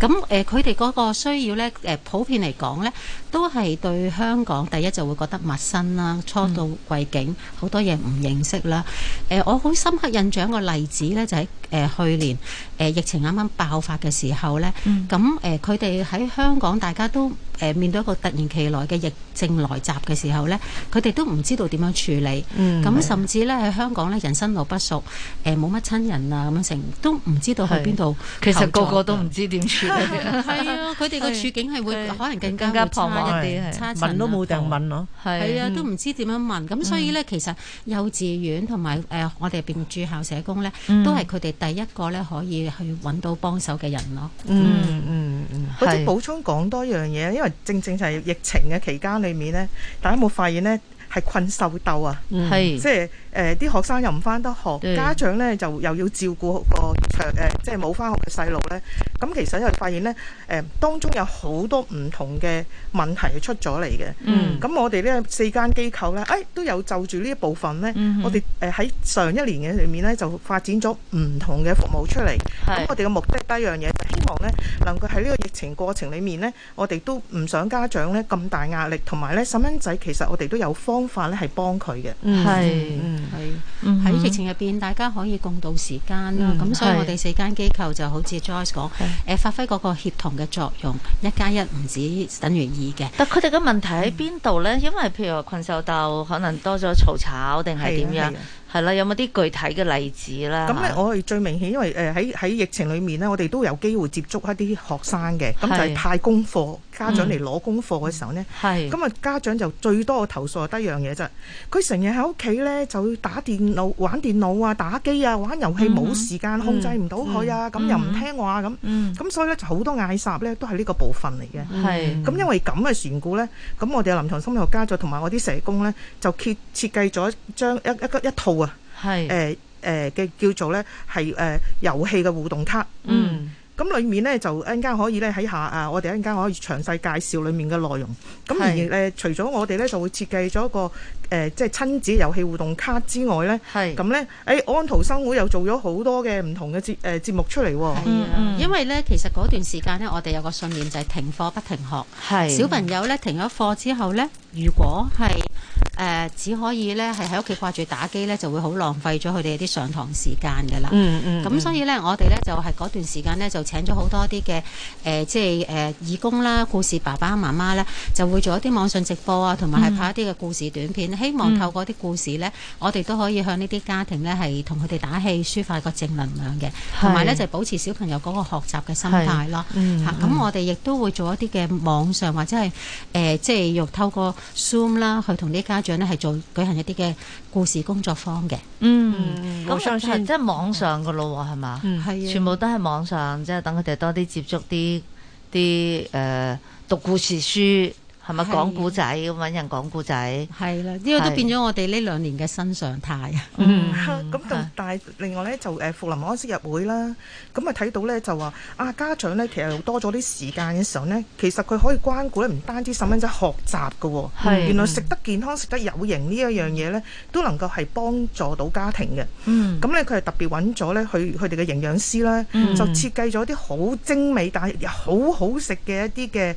咁佢哋嗰個需要咧，普遍嚟講咧，都係對香港第一就會覺得陌生啦，初到貴景好、嗯、多嘢唔認識啦。呃、我好深刻印象個例子咧，就喺、呃、去年、呃、疫情啱啱爆發嘅時候咧，咁佢哋喺香港大家都。誒面對一個突然其來嘅疫症來襲嘅時候咧，佢哋都唔知道點樣處理。咁甚至咧喺香港咧，人生路不熟，誒冇乜親人啊咁成都唔知道去邊度。其實個個都唔知點處理。係啊，佢哋個處境係會可能更加更加差一啲。差。問都冇埞問咯。係啊，都唔知點樣問。咁所以咧，其實幼稚園同埋誒我哋入邊駐校社工咧，都係佢哋第一個咧可以去揾到幫手嘅人咯。嗯嗯嗯。我哋補充講多樣嘢，因為。正正就係疫情嘅期間裏面咧，大家有冇發現咧？困獸鬥啊，嗯、即係誒，啲、呃、學生又唔翻得學，對家長呢就又要照顧個誒、呃，即係冇翻學嘅細路呢。咁其實又發現呢，誒、呃、當中有好多唔同嘅問題出咗嚟嘅。咁、嗯、我哋呢四間機構呢，誒、哎、都有就住呢一部分呢。嗯、哼我哋誒喺上一年嘅裏面呢，就發展咗唔同嘅服務出嚟。咁是我哋嘅目的第一樣嘢就是、希望呢能夠喺呢個疫情過程裏面呢，我哋都唔想家長呢咁大壓力，同埋呢，細蚊仔其實我哋都有方。化咧係幫佢嘅，係，喺疫情入邊、嗯、大家可以共度時間啦，咁、嗯、所以我哋四間機構就好似 Joyce 講，誒是、呃、發揮嗰個協同嘅作用，一加一唔止等於二嘅。但佢哋嘅問題喺邊度咧？嗯、因為譬如話困獸鬥，可能多咗嘈吵定係點樣？係啦，有冇啲具體嘅例子啦？咁咧，我哋最明顯，因為誒喺喺疫情裏面呢，我哋都有機會接觸一啲學生嘅，咁是就派功課，家長嚟攞功課嘅時候咧，咁啊、嗯，家長就最多嘅投訴係得一樣嘢啫，佢成日喺屋企呢，就打電腦、玩電腦啊、打機啊、玩遊戲，冇、嗯、時間控制唔到佢啊，咁、嗯、又唔聽話咁，咁、嗯、所以咧就好多嗌殺咧都係呢個部分嚟嘅。係是，咁因為咁嘅緣故呢，咁我哋嘅臨牀心理學家就同埋我啲社工呢，就設設計咗一張一一一,一套啊。係誒誒嘅叫做咧係誒遊戲嘅互動卡，嗯，咁裏面咧就一陣間可以咧喺下啊，我哋一陣間可以詳細介紹裏面嘅內容。咁是而誒除咗我哋咧就會設計咗一個。誒、呃，即係親子遊戲互動卡之外呢，咁是呢誒、哎，安徒生會又做咗好多嘅唔同嘅節誒節目出嚟喎。因為呢，其實嗰段時間呢，我哋有個信念就係停課不停學。係是小朋友呢，停咗課之後呢，如果係誒、呃、只可以呢，係喺屋企掛住打機呢，就會好浪費咗佢哋啲上堂時間㗎啦。咁、嗯嗯、所以呢，嗯、我哋呢，就係、是、嗰段時間呢，就請咗好多啲嘅、呃、即係誒、呃、義工啦、故事爸爸媽媽呢，就會做一啲網上直播啊，同埋係拍一啲嘅故事短片、嗯嗯希望透過啲故事咧，嗯、我哋都可以向呢啲家庭咧係同佢哋打氣，抒發一個正能量嘅，同埋咧就係、保持小朋友嗰個學習嘅心態咯。嚇，咁、嗯啊、我哋亦都會做一啲嘅網上或者係誒，即係要透過 Zoom 啦，去同啲家長咧係做舉行一啲嘅故事工作坊嘅。嗯，咁即係網上噶咯喎，係嘛？嗯，係啊，全部都係網上，即係等佢哋多啲接觸啲啲誒讀故事書。係咪講故仔咁揾人講故仔？係啦、啊，呢、這個都變咗我哋呢兩年嘅新常態啊！咁但、嗯嗯、但另外呢，啊、就誒，富、啊、林安息入會啦。咁啊睇到呢，就話啊，家長呢，其實多咗啲時間嘅時候呢，其實佢可以關顧咧唔單止細蚊仔學習嘅喎、哦。啊、原來食得健康、食得有營呢一樣嘢呢，都能夠係幫助到家庭嘅。嗯，咁咧佢係特別揾咗呢佢佢哋嘅營養師呢，嗯、就設計咗啲好精美但係好好食嘅一啲嘅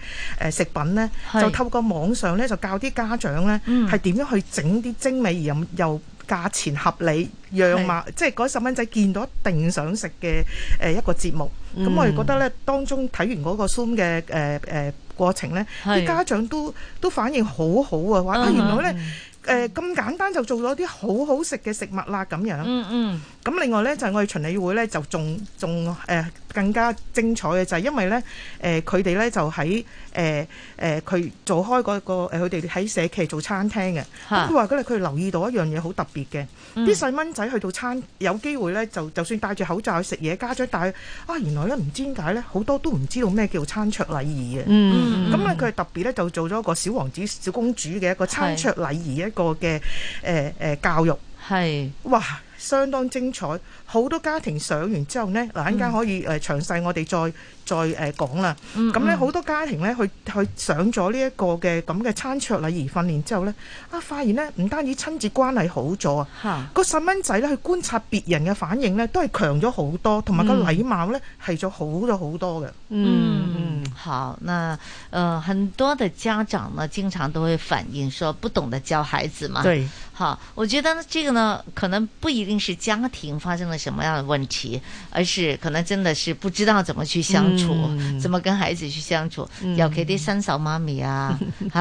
誒食品呢。啊、就。透過網上咧就教啲家長咧係點樣去整啲精美而又又價錢合理樣貌。是即係嗰十蚊仔見到一定想食嘅誒一個節目。咁、嗯、我哋覺得咧當中睇完嗰個 zoom 嘅誒誒過程咧，啲是家長都都反應好好啊！話原來咧誒咁簡單就做咗啲好好食嘅食物啦，咁樣。嗯嗯。咁、嗯、另外咧就係我哋循理會咧就仲仲誒。更加精彩嘅就係、是、因為咧，誒佢哋咧就喺誒誒佢做開嗰、那個佢哋喺社企做餐廳嘅。佢話佢哋佢留意到一樣嘢好特別嘅，啲細、嗯、蚊仔去到餐有機會咧，就就算戴住口罩去食嘢，家長帶啊，原來咧唔知點解咧，好多都唔知道咩叫餐桌禮儀嘅。咁咧佢特別咧就做咗一個小王子、小公主嘅一個餐桌禮儀一個嘅誒誒教育。係是哇，相當精彩。好多家庭上完之後呢，嗱，陣間可以誒詳細我哋再、嗯、再誒講啦。咁咧好多家庭咧，去去上咗呢一個嘅咁嘅餐桌禮儀訓練之後呢，啊，發現呢，唔單止親子關係好咗啊，哈個細蚊仔咧去觀察別人嘅反應呢，都係強咗好多，同埋個禮貌呢，係咗好咗好多嘅。嗯，好，那誒、呃、很多的家長呢，經常都會反映說不懂得教孩子嘛。對，好，我覺得呢個呢可能不一定是家庭發生咗。什麼樣的問題，而是可能真的是不知道怎麼去相處，嗯、怎麼跟孩子去相處。尤其啲新手媽咪啊，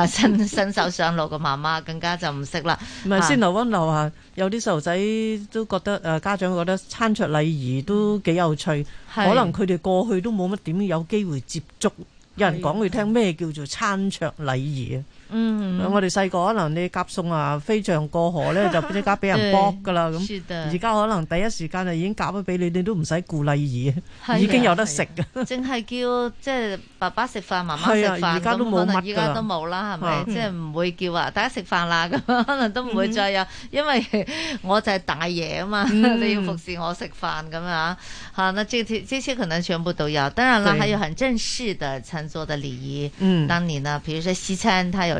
新新手上路嘅媽媽更加就唔識啦。唔係是、啊、先留溫柔啊，有啲細路仔都覺得誒、呃，家長覺得餐桌禮儀都幾有趣，嗯、可能佢哋過去都冇乜點有機會接觸，是有人講佢聽咩叫做餐桌禮儀啊。嗯，我哋細個可能你夾餸啊，飛象過河咧，就即刻俾人剝噶啦咁。而家可能第一時間就已經夾咗俾你，你都唔使顧禮儀，已經有得食㗎。淨係叫即係爸爸食飯，媽媽食飯咁。可能而家都冇啦，係咪？即係唔會叫話大家食飯啦咁，可能都唔會再有。因為我就係大爺啊嘛，你要服侍我食飯咁啊吓。嗱，這些這些可能全部都有，當然啦，還有很正式的餐桌的禮儀。當年呢，譬如說西餐，他有。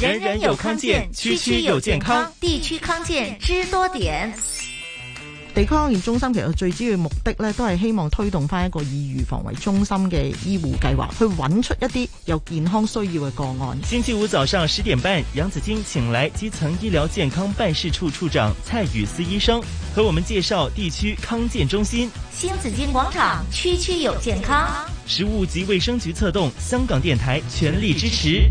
人人有康健，區區有健康，地區康健知多點。地區康健中心其實最主要的目的呢，都係希望推動翻一個以預防為中心嘅醫護計劃，去揾出一啲有健康需要嘅個案。星期五早上十點半，楊子矜請來基層醫療健康辦事處處,處長蔡宇思醫生，和我們介紹地區康健中心。新紫荊廣場區區有健康，食物及衛生局策動，香港電台全力支持。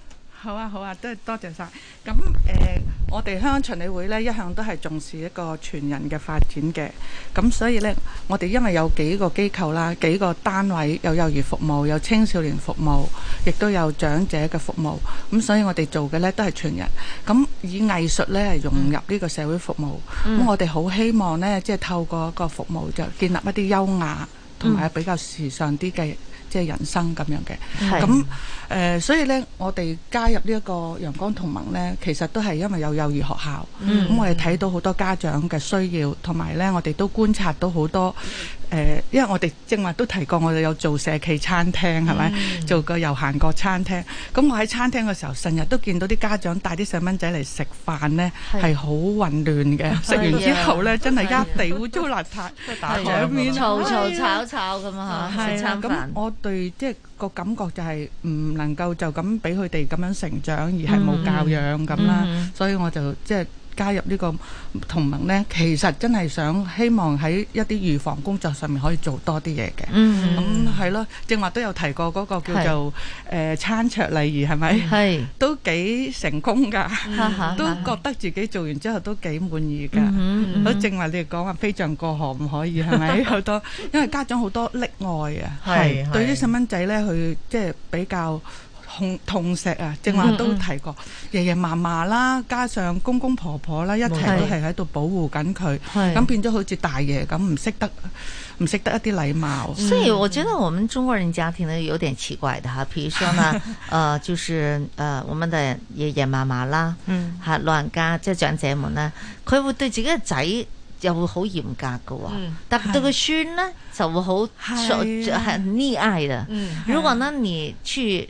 好啊好啊，都、啊、多謝晒。咁誒、呃，我哋香港循理會呢一向都係重視一個全人嘅發展嘅。咁所以呢，我哋因為有幾個機構啦，幾個單位有幼兒服務，有青少年服務，亦都有長者嘅服務。咁所以我哋做嘅呢都係全人。咁以藝術呢係融入呢個社會服務。咁、嗯、我哋好希望呢，即係透過一個服務就建立一啲優雅同埋比較時尚啲嘅、嗯。即係人生咁樣嘅，咁誒，所以呢，我哋加入呢一個陽光同盟呢，其實都係因為有幼兒學校，咁我哋睇到好多家長嘅需要，同埋呢，我哋都觀察到好多誒，因為我哋正話都提過，我哋有做社企餐廳，係咪？做個遊行個餐廳，咁我喺餐廳嘅時候，成日都見到啲家長帶啲細蚊仔嚟食飯呢係好混亂嘅。食完之後呢，真係一地污糟邋遢，打面嘈嘈吵吵咁食餐飯，我。對，即係個感覺就係唔能夠就咁俾佢哋咁樣成長，而係冇教養咁啦，所以我就即係。加入呢個同盟咧，其實真係想希望喺一啲預防工作上面可以做多啲嘢嘅。咁係咯，正話都有提過嗰個叫做誒餐桌禮儀係咪？係，都幾成功㗎，都覺得自己做完之後都幾滿意㗎。好，正話你哋講話飛象過河唔可以，係咪？好多因為家長好多溺愛啊，對於細蚊仔咧，佢即係比較。痛痛錫啊，正話都提過，嗯嗯爺爺嫲嫲啦，加上公公婆婆啦，一齊都係喺度保護緊佢，咁變咗好似大爺咁唔識得唔識得一啲禮貌。所以，我覺得我們中國人家庭咧，有點奇怪的嚇。譬如說呢，誒、 呃，就是誒、呃，我們嘅爺爺嫲嫲啦，嚇、嗯、老人家即係、就是、長者們呢，佢會對自己嘅仔又會好嚴格嘅喎，嗯、但對個孫呢，就會好是溺愛的。嗯、如果呢，你去。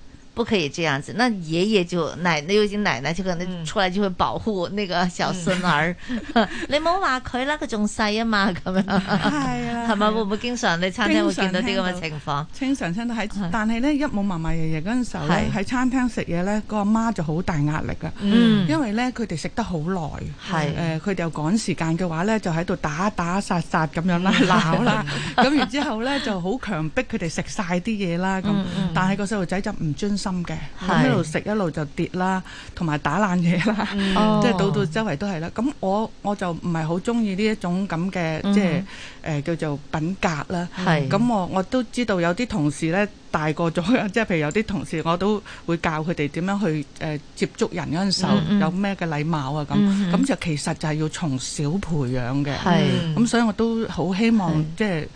不可以這樣子，那爺爺就奶奶，尤其奶奶就可能出來就會保護那個小孫兒。嗯、你冇話佢啦，佢仲細啊嘛，咁樣係啊，係咪、啊、會唔會經常你餐廳會見到啲咁嘅情況？經常聽到喺，但係咧一冇嫲嫲爺爺嗰陣時候喺餐廳食嘢咧，個阿媽就好大壓力啦。嗯、因為咧佢哋食得好耐，係誒佢哋又趕時間嘅話咧就喺度打打殺殺咁樣啦，鬧啦、嗯，咁、嗯、然之後咧就好強迫佢哋食晒啲嘢啦咁，嗯嗯嗯但係個細路仔就唔遵心嘅一路食一路就跌啦，同埋打爛嘢啦，即係、嗯、到到周圍都係啦。咁我我就唔係好中意呢一種咁嘅、嗯、即係誒、呃、叫做品格啦。咁是我我都知道有啲同事咧大個咗，即係譬如有啲同事我都會教佢哋點樣去誒、呃、接觸人嗰陣時候，嗯嗯有咩嘅禮貌啊咁。咁、嗯嗯、就其實就係要從小培養嘅。咁是、嗯、所以我都好希望是即係。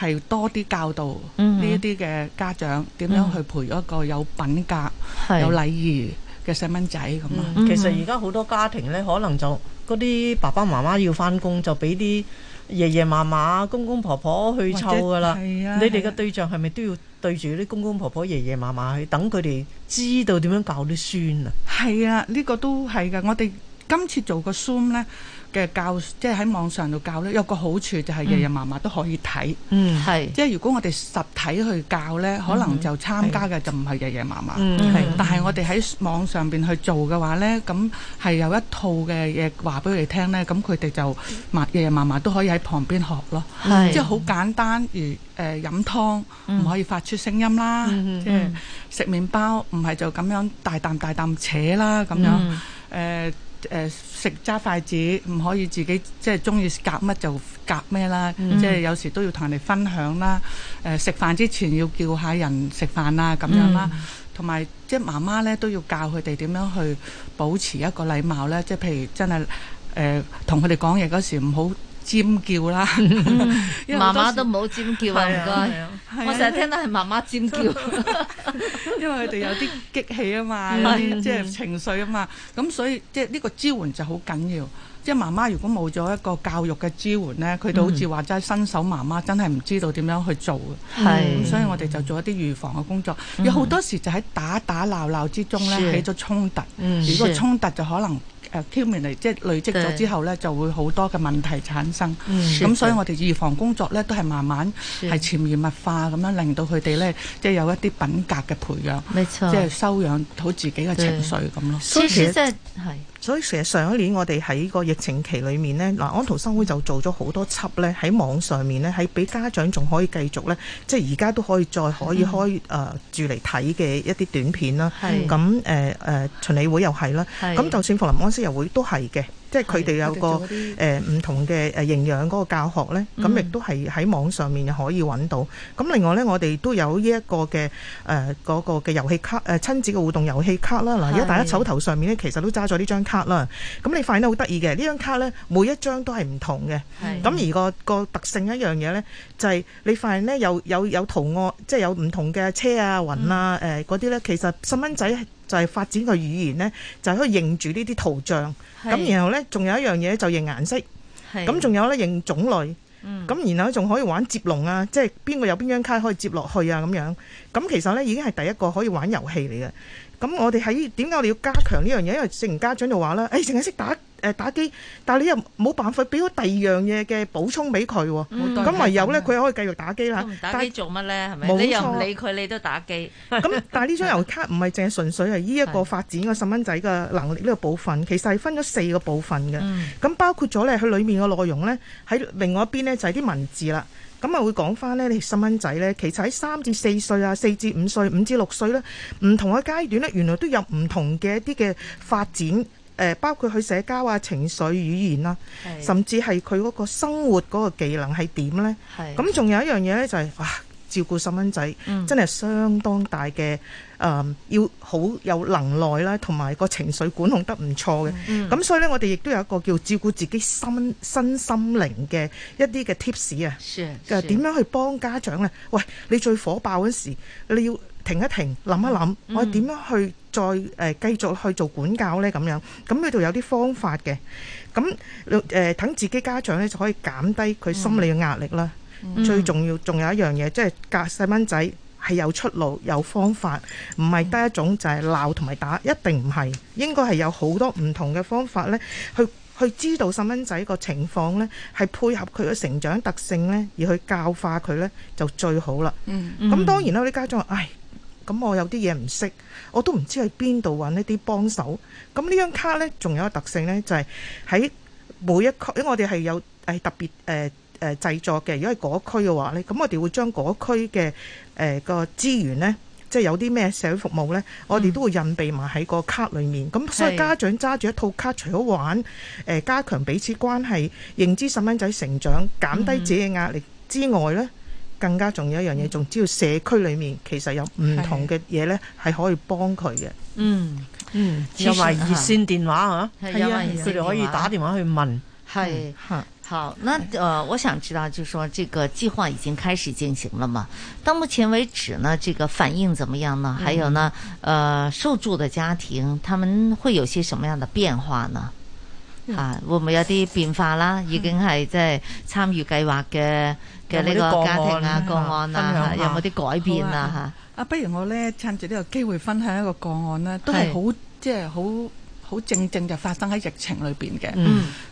係多啲教導呢一啲嘅家長點樣去培養一個有品格、嗯、哼有禮儀嘅細蚊仔咁啊！其實而家好多家庭呢，可能就嗰啲爸爸媽媽要翻工，就俾啲爺爺嫲嫲、公公婆婆去湊噶啦。啊啊、你哋嘅對象係咪都要對住啲公公婆婆、爺爺嫲嫲去等佢哋知道點樣教啲孫啊？係啊，呢、呢個都係噶。我哋今次做個孫呢。嘅教即係喺網上度教呢，有個好處就係爺爺嫲嫲都可以睇。嗯，係。即係如果我哋實體去教呢，可能就參加嘅就唔係爺爺嫲嫲。嗯，係，但係我哋喺網上邊去做嘅話呢，咁係有一套嘅嘢話俾佢哋聽呢，咁佢哋就嫲爺爺嫲嫲都可以喺旁邊學咯。係。即係好簡單，如誒、呃、飲湯唔可以發出聲音啦，嗯嗯嗯、即係食麵包唔係就咁樣大啖大啖扯啦咁樣。大口大口樣嗯。誒、呃呃食揸筷子唔可以自己即係中意夾乜就夾咩啦，嗯、即係有時都要同人哋分享啦。誒食飯之前要叫下人食飯啦咁樣啦，同埋、嗯、即係媽媽咧都要教佢哋點樣去保持一個禮貌咧。即係譬如真係誒同佢哋講嘢嗰時唔好。尖叫啦！因為媽媽都冇尖叫啊，唔該。我成日聽到係媽媽尖叫，因為佢哋有啲激氣啊嘛，有啲即係情緒啊嘛。咁所以即係呢個支援就好緊要。即係媽媽如果冇咗一個教育嘅支援呢，佢哋好似話齋新手媽媽真係唔知道點樣去做嘅。係，所以我哋就做一啲預防嘅工作。有好多時就喺打打鬧鬧之中呢，起咗衝突，如果衝突就可能。嗯誒挑明嚟，即係累積咗之後咧，對就會好多嘅問題產生。咁、嗯、所以我哋預防工作咧，都係慢慢係潛移默化咁樣，令到佢哋咧，是即係有一啲品格嘅培養，錯即係修養好自己嘅情緒咁咯。啲嘢真係。且所以成日上一年，我哋喺個疫情期裏面呢，嗱安徒生會就做咗好多輯呢，喺網上面呢，喺俾家長仲可以繼續呢，即係而家都可以再可以開誒、嗯呃、住嚟睇嘅一啲短片啦。咁誒誒，循理會又係啦。咁是就算復臨安息日會都係嘅。即係佢哋有個誒唔、呃、同嘅誒營養嗰個教學咧，咁亦、嗯、都係喺網上面可以揾到。咁、嗯、另外咧，我哋都有呢一個嘅誒嗰個嘅遊戲卡誒、呃、親子嘅互動遊戲卡啦。嗱是，而家大家手頭上面咧，其實都揸咗呢張卡啦。咁你發現得好得意嘅，呢張卡咧每一張都係唔同嘅。咁是而個個特性一樣嘢咧，就係、是、你發現咧有有有圖案，即係有唔同嘅車啊、雲啊、嗰啲咧，其實細蚊仔。就係發展個語言呢，就是、可以認住呢啲圖像，咁是然後呢，仲有一樣嘢就認顏色，咁仲有呢認種類，咁、嗯、然後仲可以玩接龍啊，即係邊個有邊張卡可以接落去啊咁樣，咁其實呢已經係第一個可以玩遊戲嚟嘅。咁我哋喺點解我哋要加強呢樣嘢？因為成家長就話啦，誒成日識打誒、呃、打機，但係你又冇辦法俾到第二樣嘢嘅補充俾佢喎。咁、嗯、唯有咧，佢可以繼續打機啦。打機但做乜咧？係咪？錯你又唔理佢，你都打機。咁 但係呢張遊卡唔係淨係純粹係依一個發展個細蚊仔嘅能力呢個部分，的其實係分咗四個部分嘅。咁、嗯、包括咗咧，佢裡面嘅內容咧喺另外一邊咧就係、是、啲文字啦。咁啊，會講返呢？你細蚊仔呢，其實喺三至四歲啊、四至五歲、五至六歲呢，唔同嘅階段呢，原來都有唔同嘅一啲嘅發展，呃、包括佢社交啊、情緒、語言啦，是甚至係佢嗰個生活嗰個技能係點呢？咁仲是有一樣嘢呢，就係、是、哇，照顧細蚊仔、嗯、真係相當大嘅。誒要好有能耐啦，同埋個情緒管控得唔錯嘅。咁、嗯、所以呢，我哋亦都有一個叫照顧自己心身心靈嘅一啲嘅 tips 啊。誒點樣去幫家長咧？喂，你最火爆嗰時，你要停一停，諗一諗，我點、嗯哎、樣去再誒、呃、繼續去做管教呢？咁樣咁呢度有啲方法嘅。咁誒、呃、等自己家長呢，就可以減低佢心理嘅壓力啦。嗯、最重要仲有一樣嘢，即係教細蚊仔。係有出路，有方法，唔係得一種就係鬧同埋打，一定唔係，應該係有好多唔同嘅方法呢，去去知道細蚊仔個情況呢，係配合佢嘅成長特性呢，而去教化佢呢，就最好啦。咁、嗯嗯、當然啦，啲家長話，唉，咁我有啲嘢唔識，我都唔知喺邊度揾一啲幫手。咁呢張卡呢，仲有一個特性呢，就係喺每一區，因為我哋係有誒特別誒。呃誒、呃、製作嘅，如果係嗰區嘅話呢，咁我哋會將嗰區嘅誒、呃，個資源呢，即係有啲咩社會服務呢、嗯、我哋都會印備埋喺個卡裏面。咁、嗯、所以家長揸住一套卡，除咗玩誒、呃、加強彼此關係、認知細蚊仔成長、減低自己嘅壓力之外呢、嗯、更加重要一樣嘢，仲知道社區裏面其實有唔同嘅嘢呢係的可以幫佢嘅、嗯。嗯嗯，同埋熱線電話嚇，係啊的，佢哋的可以打電話去問。係嚇的。嗯好，那呃我想知道，就是說這個計劃已經開始進行了嘛？到目前為止呢，這個反應怎麼樣呢？還有呢，嗯、呃受助的家庭他們會有些什麼樣的變化呢？嗯、啊，會唔會有啲變化啦？嗯、已經係即係參與計劃嘅嘅呢個家庭啊，個案、嗯、啊，啊，有冇啲改變啊？吓，啊，不如我咧趁住呢個機會分享一個個案啦、啊，都係好是即係好。好正正就發生喺疫情裏邊嘅，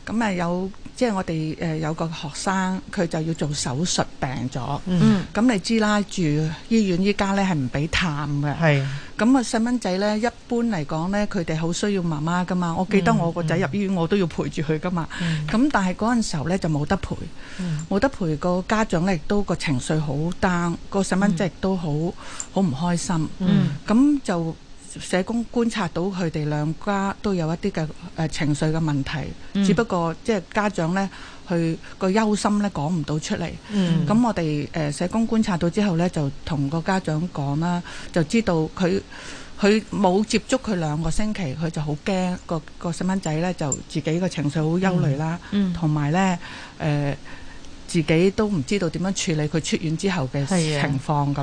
咁啊、嗯、有即係、就是、我哋有個學生，佢就要做手術，病咗。咁、嗯、你知啦，住醫院依家咧係唔俾探嘅。咁啊細蚊仔咧，一般嚟講咧，佢哋好需要媽媽噶嘛。我記得我個仔入醫院，嗯嗯、我都要陪住佢噶嘛。咁、嗯、但係嗰陣時候咧就冇得陪，冇、嗯、得陪，個家長咧亦都個情緒好 down，個細蚊仔亦都好好唔開心。咁、嗯、就。社工觀察到佢哋兩家都有一啲嘅誒情緒嘅問題，嗯、只不過即係家長呢，佢個憂心呢講唔到出嚟。咁、嗯、我哋誒、呃、社工觀察到之後呢，就同個家長講啦，就知道佢佢冇接觸佢兩個星期，佢就好驚，嗰個、嗰個細蚊仔呢，就自己個情緒好憂慮啦，同埋、嗯嗯、呢。誒、呃。自己都唔知道點樣處理佢出院之後嘅情況咁，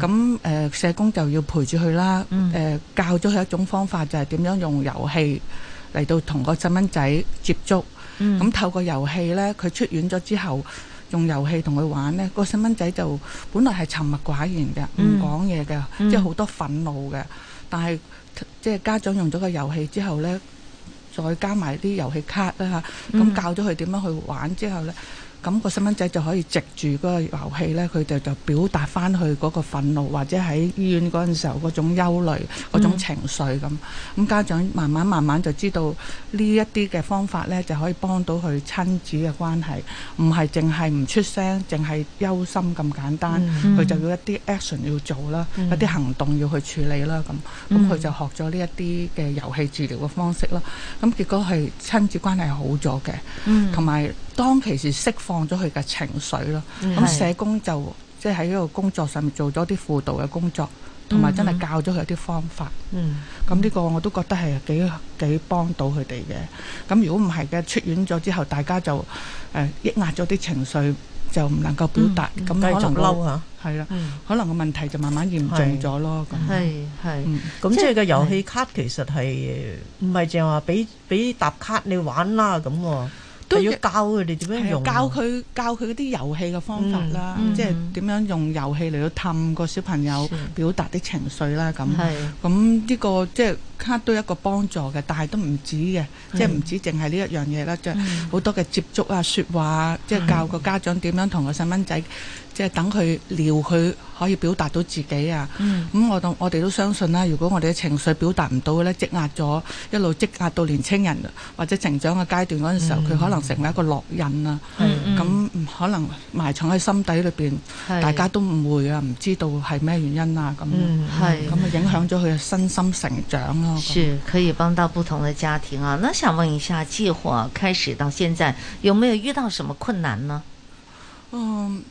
咁誒、呃、社工就要陪住佢啦，誒、嗯呃、教咗佢一種方法就係點樣用遊戲嚟到同個細蚊仔接觸，咁、嗯、透過遊戲呢，佢出院咗之後用遊戲同佢玩呢，個細蚊仔就本來係沉默寡言嘅，唔講嘢嘅，即係好多憤怒嘅，但係即係家長用咗個遊戲之後呢，再加埋啲遊戲卡啦嚇，咁、嗯、教咗佢點樣去玩之後呢。咁個細蚊仔就可以藉住嗰個遊戲呢，佢就就表達翻去嗰個憤怒，或者喺醫院嗰陣時候嗰種憂慮、嗰種情緒咁。咁、嗯、家長慢慢慢慢就知道呢一啲嘅方法呢，就可以幫到佢親子嘅關係，唔係淨係唔出聲，淨係憂心咁簡單。佢、嗯、就要一啲 action 要做啦，嗯、一啲行動要去處理啦咁。咁佢就學咗呢一啲嘅遊戲治療嘅方式啦。咁結果係親子關係好咗嘅，同埋、嗯。當其時釋放咗佢嘅情緒咯，咁社工就即係喺呢個工作上面做咗啲輔導嘅工作，同埋真係教咗佢一啲方法。咁呢個我都覺得係幾幾幫到佢哋嘅。咁如果唔係嘅，出院咗之後，大家就誒抑壓咗啲情緒，就唔能夠表達，咁繼續嬲嚇，係啦，可能個問題就慢慢嚴重咗咯。咁係係。咁即係個遊戲卡其實係唔係淨係話俾俾搭卡你玩啦咁喎？都要教佢哋點樣用，教佢教佢嗰啲遊戲嘅方法啦，即係點樣用遊戲嚟到氹個小朋友是表達啲情緒啦咁。咁呢是、這個即係、就是、卡都一個幫助嘅，但係都唔止嘅，即係唔止淨係呢一樣嘢啦，即係好多嘅接觸啊、説是話，即、就、係、是、教個家長點樣同個細蚊仔。即係等佢撩佢可以表達到自己啊，咁、嗯、我都我哋都相信啦、啊。如果我哋嘅情緒表達唔到咧，積壓咗一路積壓到年輕人或者成長嘅階段嗰陣時候，佢、嗯、可能成為一個烙印啊。咁是、嗯、可能埋藏喺心底裏面，是大家都唔會啊，唔知道係咩原因啊咁。咁啊，嗯嗯、影響咗佢嘅身心成長咯、啊。是那可以幫到不同嘅家庭啊。那想問一下，計劃開始到現在，有沒有遇到什麼困難呢？嗯。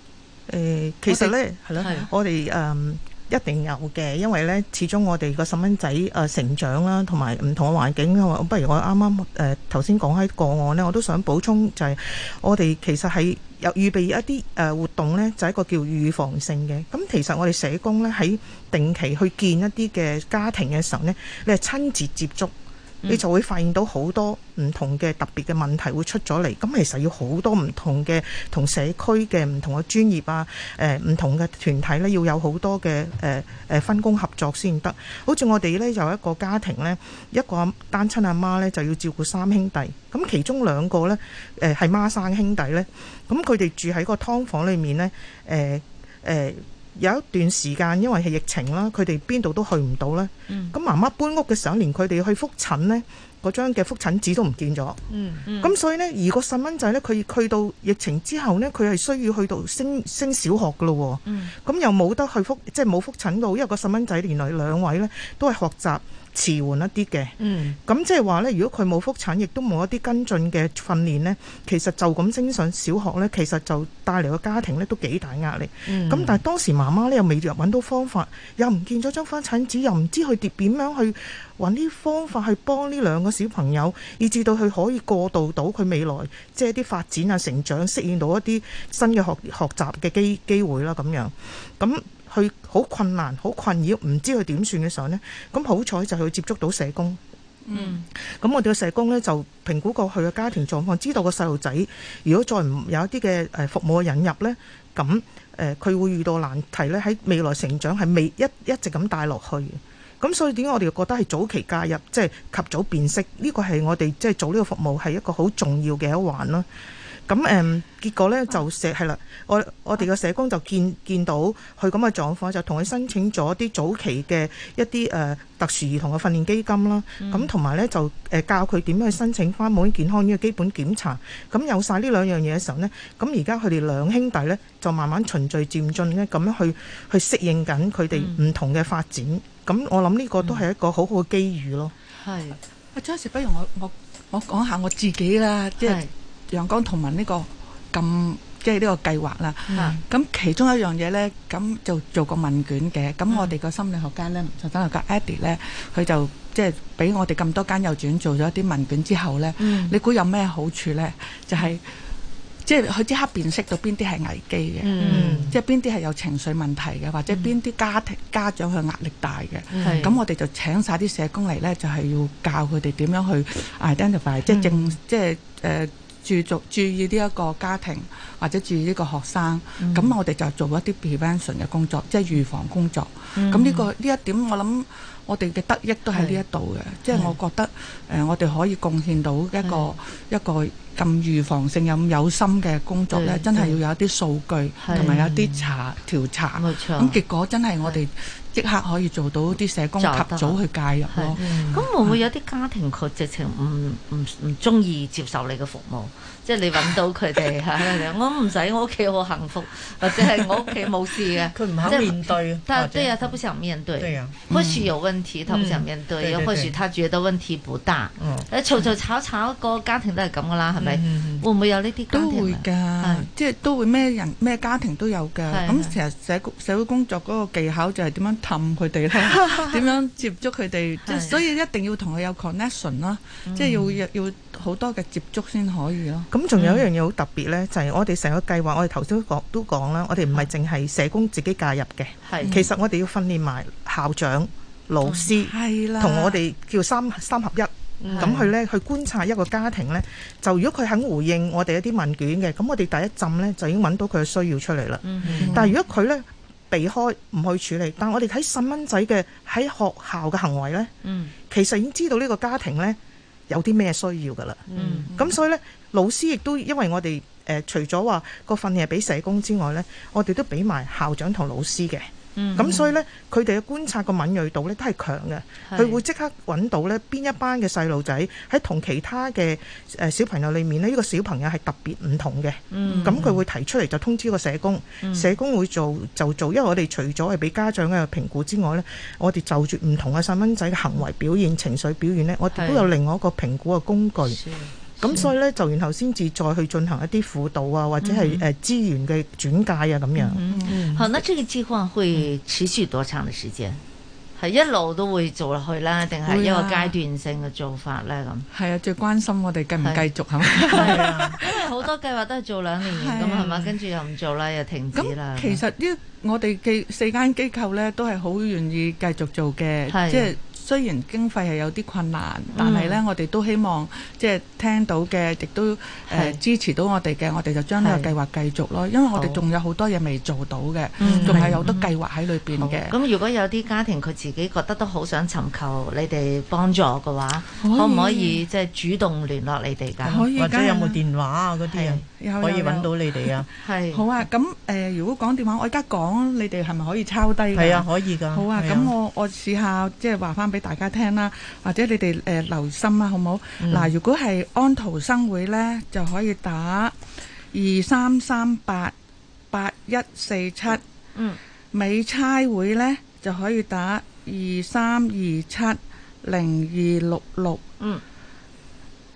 呃、其實呢，okay, 係我哋、嗯、一定有嘅，因為呢始終我哋個細蚊仔、呃、成長啦，同埋唔同嘅環境。不如我啱啱誒頭先講開個案呢，我都想補充就係、是、我哋其實係有預備一啲、呃、活動呢，就係、是、一個叫預防性嘅。咁其實我哋社工呢，喺定期去見一啲嘅家庭嘅時候呢，你係親自接觸。你就會發現到好多唔同嘅特別嘅問題會出咗嚟，咁其實要好多唔同嘅同社區嘅唔同嘅專業啊，誒、呃、唔同嘅團體呢，要有好多嘅誒誒分工合作先得。好似我哋呢，有一個家庭呢，一個單親阿媽呢，就要照顧三兄弟，咁其中兩個呢，誒係孖生兄弟呢。咁佢哋住喺個㓥房裏面呢。誒、呃、誒。呃有一段時間，因為係疫情啦，佢哋邊度都去唔到咧。咁、嗯、媽媽搬屋嘅時候，連佢哋去覆診呢嗰張嘅覆診紙都唔見咗。咁、嗯嗯、所以呢，而個細蚊仔呢，佢去到疫情之後呢，佢係需要去到升升小學噶咯。咁、嗯、又冇得去覆，即係冇覆診到，因為個細蚊仔原來兩位呢都係學習。遲緩一啲嘅，咁即係話呢，如果佢冇復診，亦都冇一啲跟進嘅訓練呢，其實就咁升上小學呢，其實就帶嚟個家庭呢都幾大壓力。咁、嗯、但係當時媽媽呢，又未揾到方法，又唔見咗張復診紙，又唔知佢點樣去揾啲方法去幫呢兩個小朋友，以至到佢可以過渡到佢未來即係啲發展啊、成長、適應到一啲新嘅學學習嘅機機會啦，咁樣咁。去好困難、好困擾，唔知佢點算嘅時候呢，咁好彩就去接觸到社工。嗯，咁我哋個社工呢，就評估過佢嘅家庭狀況，知道個細路仔如果再唔有一啲嘅誒服務嘅引入呢，咁誒佢會遇到難題呢，喺未來成長係未一一直咁帶落去嘅。咁所以點解我哋覺得係早期介入，即係及早辨識，呢個係我哋即係做呢個服務係一個好重要嘅一環咯。咁誒，結果咧就社係啦，我我哋嘅社工就見見到佢咁嘅狀況，就同佢申請咗啲早期嘅一啲誒特殊兒童嘅訓練基金啦。咁同埋咧就誒教佢點樣去申請翻母嬰健康院嘅基本檢查。咁有曬呢兩樣嘢嘅時候咧，咁而家佢哋兩兄弟咧就慢慢循序漸進咧，咁樣去去適應緊佢哋唔同嘅發展。咁我諗呢個都係一個好好嘅機遇咯。係阿 Charles，不如我我我講下我自己啦，即係。陽光同文呢、這個咁即係呢個計劃啦，咁、嗯、其中一樣嘢呢，咁就做個問卷嘅。咁我哋個心理學家呢，嗯、就等下個 Eddie 呢，佢就即係俾我哋咁多間幼稚園做咗一啲問卷之後呢，嗯、你估有咩好處呢？就係、是、即係佢即刻辨識到邊啲係危機嘅，嗯、即係邊啲係有情緒問題嘅，或者邊啲家庭、嗯、家長佢壓力大嘅。咁、嗯、我哋就請晒啲社工嚟呢，就係、是、要教佢哋點樣去 identify、嗯、即係正即係誒注重注意呢一個家庭或者注意呢個學生，咁我哋就做一啲 prevention 嘅工作，即係預防工作。咁呢個呢一點，我諗我哋嘅得益都喺呢一度嘅。即係我覺得誒，我哋可以貢獻到一個一個咁預防性又咁有心嘅工作呢，真係要有一啲數據同埋有啲查調查。咁結果真係我哋。即刻可以做到啲社工及早去介入咯。咁會唔會有啲家庭佢直情唔唔唔中意接受你嘅服務？即係你揾到佢哋吓，我唔使我屋企好幸福，或者係我屋企冇事嘅。佢唔肯面對，但係都有他不想面對。對啊，或許有問題，他不想面對；又或許他覺得問題不大。嗯，嘈嘈吵吵，個家庭都係咁㗎啦，係咪？嗯，會唔會有呢啲家庭？都會㗎，即係都會咩人咩家庭都有㗎。咁成日社社會工作嗰個技巧就係點樣氹佢哋啦？點樣接觸佢哋？即係所以一定要同佢有 connection 啦，即係要要好多嘅接觸先可以咯。咁仲、嗯、有一樣嘢好特別呢，就係、是、我哋成個計劃，我哋頭先講都講啦，我哋唔係淨係社工自己介入嘅，的其實我哋要訓練埋校長、老師，同的我哋叫三三合一，咁佢的呢去觀察一個家庭呢，就如果佢肯回應我哋一啲問卷嘅，咁我哋第一陣呢就已經揾到佢嘅需要出嚟啦。嗯、哼但係如果佢呢避開唔去處理，但係我哋睇細蚊仔嘅喺學校嘅行為呢，嗯、其實已經知道呢個家庭呢。.有啲咩需要噶啦？咁、嗯、所以咧，老師亦都因為我哋誒、呃，除咗話個份係俾社工之外咧，我哋都俾埋校長同老師嘅。咁、嗯、所以呢，佢哋嘅觀察個敏鋭度呢都係強嘅，佢是會即刻揾到呢邊一班嘅細路仔喺同其他嘅誒小朋友裡面呢，呢、呢個小朋友係特別唔同嘅。咁佢、嗯、會提出嚟就通知個社工，嗯、社工會做就做。因為我哋除咗係俾家長嘅評估之外呢，我哋就住唔同嘅細蚊仔嘅行為表現、情緒表現呢，我都有另外一個評估嘅工具。咁所以咧，就然後先至再去進行一啲輔導啊，或者係誒資源嘅轉介啊，咁樣。嗯，這好，那呢個計劃會持續多長嘅時間？係一路都會做落去啦，定係一個階段性嘅做法咧？咁係啊，啊，最關心我哋繼唔繼續係嘛？因為好多計劃都係做兩年咁係嘛，跟住又唔做啦，又停止啦。其實呢，我哋嘅四間機構咧都係好願意繼續做嘅，啊、即係。雖然經費係有啲困難，但係呢，我哋都希望即係聽到嘅，亦都誒支持到我哋嘅，我哋就將呢個計劃繼續咯。因為我哋仲有好多嘢未做到嘅，仲係有好多計劃喺裏邊嘅。咁如果有啲家庭佢自己覺得都好想尋求你哋幫助嘅話，可唔可以即係主動聯絡你哋噶？或者有冇電話啊嗰啲，可以揾到你哋啊？係。好啊，咁誒，如果講電話，我而家講你哋係咪可以抄低㗎？係啊，可以㗎。好啊，咁我我試下即係話翻。俾大家聽啦、啊，或者你哋、呃、留心啦、啊，好唔好？嗱、嗯啊，如果係安徒生會呢，就可以打二三三八八一四七。嗯，美差會呢，就可以打二三二七零二六六。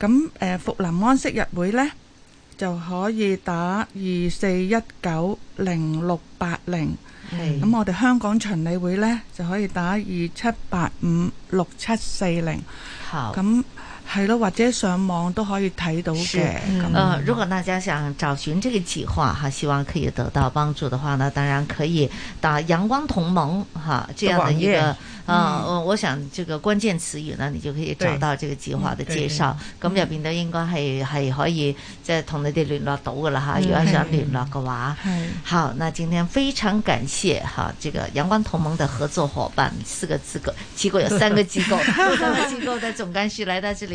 咁、呃、復臨安息日會呢，就可以打二四一九零六八零。咁是我哋香港循理會呢，就可以打二七八五六七四零，咁好。係咯，或者上網都可以睇到嘅。咁，如果大家想找尋這個計劃，哈，希望可以得到幫助的話呢，當然可以打陽光同盟，哈，這樣的一個，啊，我想這個關鍵詞語呢，你就可以找到這個計劃的介紹。咁兩邊都應該係係可以即係同你哋聯絡到噶啦，哈。如果想聯絡嘅話，係。好，那今天非常感謝，哈，這個陽光同盟的合作伙伴四個機構，機構有三個機構，三個機構嘅總幹事來到這裏。